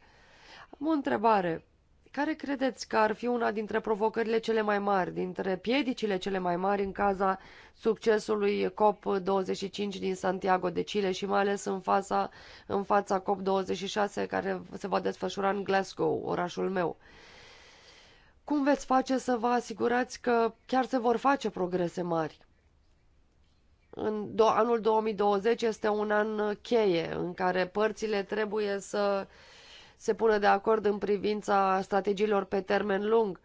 Am o întrebare. Care credeți că ar fi una dintre provocările cele mai mari, dintre piedicile cele mai mari în caza succesului COP25 din Santiago de Chile și mai ales în fața, în fața COP26 care se va desfășura în Glasgow, orașul meu? Cum veți face să vă asigurați că chiar se vor face progrese mari? În do- anul 2020 este un an cheie în care părțile trebuie să uh, se pună de acord în privința strategiilor pe termen lung.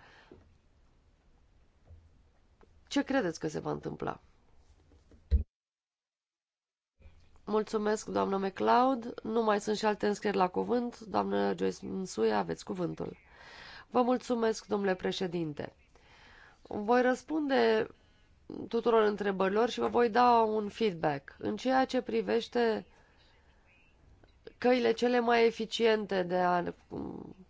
Ce credeți că se va întâmpla? Mulțumesc, doamnă McLeod. Nu mai sunt și alte înscrieri la cuvânt. Doamnă Joyce Msuia, aveți cuvântul. Vă mulțumesc, domnule președinte. Voi răspunde tuturor întrebărilor și vă voi da un feedback. În ceea ce privește căile cele mai eficiente de a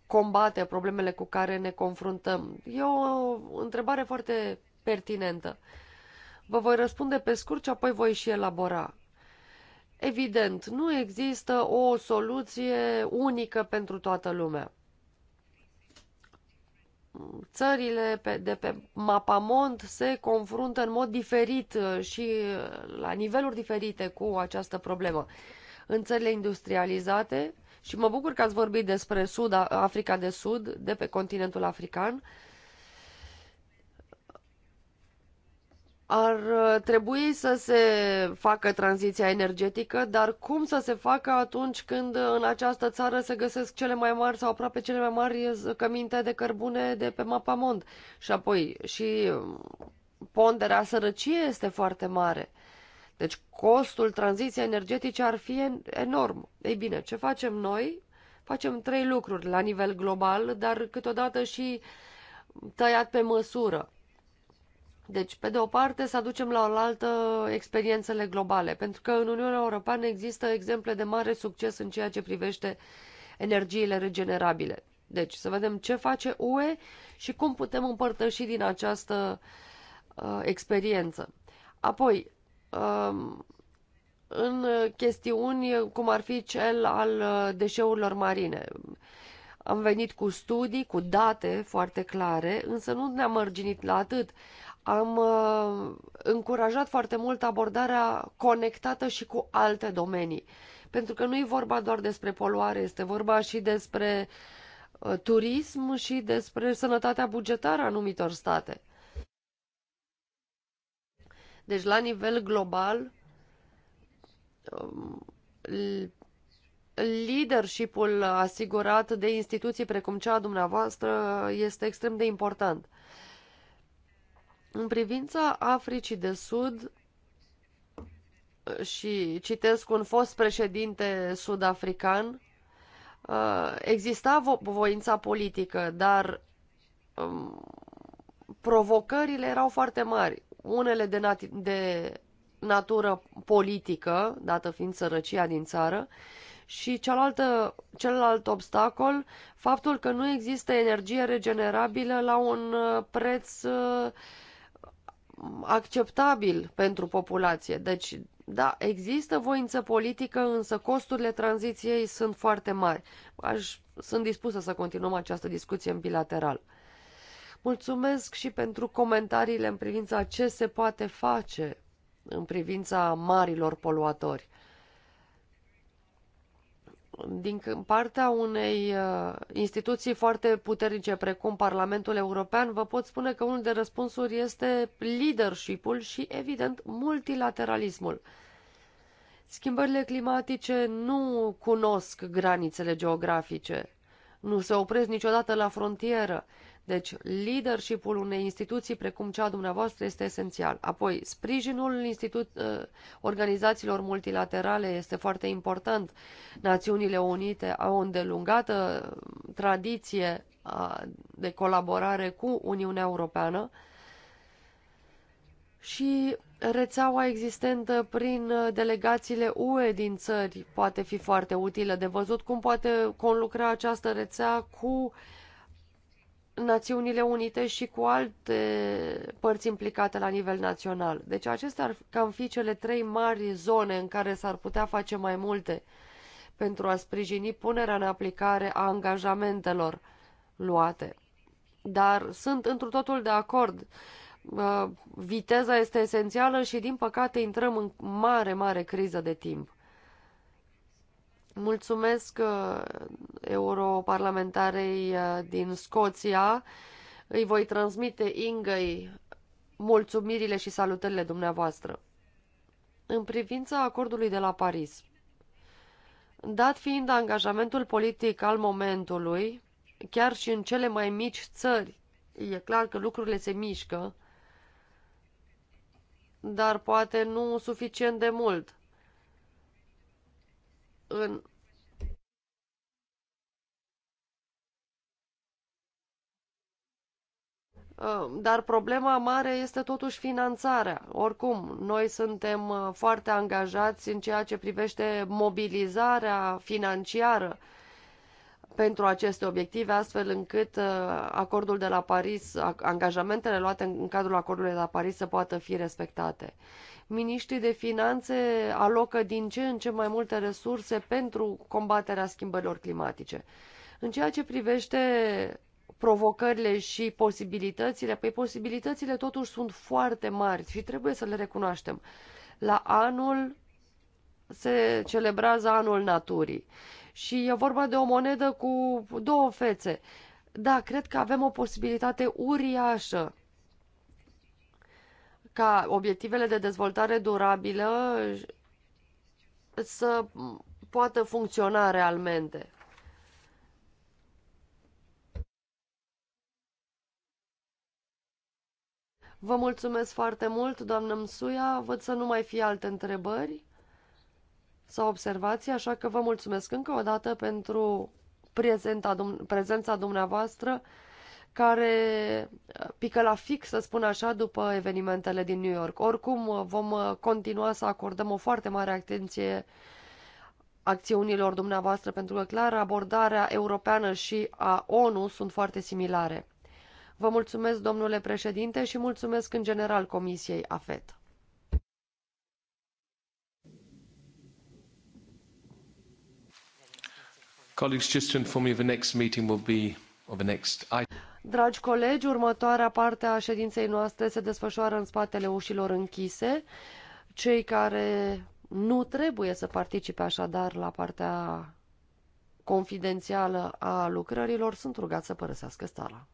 combate problemele cu care ne confruntăm? E o întrebare foarte pertinentă. Vă voi răspunde pe scurt și apoi voi și elabora. Evident, nu există o soluție unică pentru toată lumea. Țările de pe mapamont se confruntă în mod diferit și la niveluri diferite cu această problemă în țările industrializate și mă bucur că ați vorbit despre Sud, Africa de Sud, de pe continentul african, ar uh, trebui să se facă tranziția energetică, dar cum să se facă atunci când în această țară se găsesc cele mai mari sau aproape cele mai mari căminte de cărbune de pe mapamond? Și apoi și um, ponderea sărăciei este foarte mare. Deci costul tranziției energetice ar fi enorm. Ei bine, ce facem noi? Facem trei lucruri la nivel global, dar câteodată și tăiat pe măsură. Deci, pe de o parte, să aducem la oaltă experiențele globale, pentru că în Uniunea Europeană există exemple de mare succes în ceea ce privește energiile regenerabile. Deci, să vedem ce face UE și cum putem împărtăși din această uh, experiență. Apoi, Um, în chestiuni cum ar fi cel al uh, deșeurilor marine. Am venit cu studii, cu date foarte clare, însă nu ne-am mărginit la atât. Am uh, încurajat foarte mult abordarea conectată și cu alte domenii. Pentru că nu e vorba doar despre poluare, este vorba și despre uh, turism și despre sănătatea bugetară a anumitor state. Deci, la nivel global, um, leadership-ul asigurat de instituții precum cea a dumneavoastră este extrem de important. În privința Africii de Sud, și citesc un fost președinte sud-african, uh, exista vo voința politică, dar um, provocările erau foarte mari unele de, nat- de natură politică, dată fiind sărăcia din țară, și cealaltă, celălalt obstacol, faptul că nu există energie regenerabilă la un uh, preț uh, acceptabil pentru populație. Deci, da, există voință politică, însă costurile tranziției sunt foarte mari. Aș, sunt dispusă să continuăm această discuție în bilateral. Mulțumesc și pentru comentariile în privința ce se poate face în privința marilor poluatori. Din partea unei uh, instituții foarte puternice precum Parlamentul European, vă pot spune că unul de răspunsuri este leadership-ul și, evident, multilateralismul. Schimbările climatice nu cunosc granițele geografice, nu se opresc niciodată la frontieră deci, leadership-ul unei instituții precum cea dumneavoastră este esențial. Apoi, sprijinul institut, ă, organizațiilor multilaterale este foarte important. Națiunile Unite au o îndelungată tradiție de colaborare cu Uniunea Europeană și rețeaua existentă prin delegațiile UE din țări poate fi foarte utilă de văzut cum poate conlucra această rețea cu uh, Națiunile Unite și cu alte părți implicate la nivel național. Deci acestea ar cam fi cele trei mari zone în care s-ar putea face mai multe pentru a sprijini punerea în aplicare a angajamentelor luate. Dar sunt întru totul de acord. Uh, viteza este esențială și, din păcate, intrăm în mare, mare criză de timp. Mulțumesc uh, europarlamentarei uh, din Scoția. Îi voi transmite Ingăi mulțumirile și salutările dumneavoastră. În privința acordului de la Paris, dat fiind angajamentul politic al momentului, chiar și în cele mai mici țări, e clar că lucrurile se mișcă, dar poate nu suficient de mult în Dar problema mare este totuși finanțarea. Oricum, noi suntem uh, foarte angajați în ceea ce privește mobilizarea financiară pentru aceste obiective, astfel încât uh, acordul de la Paris, angajamentele luate în cadrul acordului de la Paris să poată fi respectate. Miniștrii de finanțe alocă din ce în ce mai multe resurse pentru combaterea schimbărilor climatice. În ceea ce privește provocările și posibilitățile, păi posibilitățile totuși sunt foarte mari și trebuie să le recunoaștem. La anul se celebrează anul naturii și e vorba de o monedă cu două fețe. Da, cred că avem o posibilitate uriașă ca obiectivele de dezvoltare durabilă să poată funcționa realmente. Vă mulțumesc foarte mult, doamnă Msuia. Văd să nu mai fie alte întrebări sau observații, așa că vă mulțumesc încă o dată pentru prezența, dumneavoastră care uh, pică la fix, să spun așa, după evenimentele din New York. Oricum, uh, vom uh, continua să acordăm o foarte mare atenție acțiunilor dumneavoastră, pentru că, clar, abordarea europeană și a ONU sunt foarte similare. Vă mulțumesc, domnule președinte, și mulțumesc în general Comisiei AFET. Colleagues, just to inform you, the next meeting will be Dragi colegi, următoarea parte a ședinței noastre se desfășoară în spatele ușilor închise. Cei care nu trebuie să participe așadar la partea confidențială a lucrărilor sunt rugați să părăsească sala.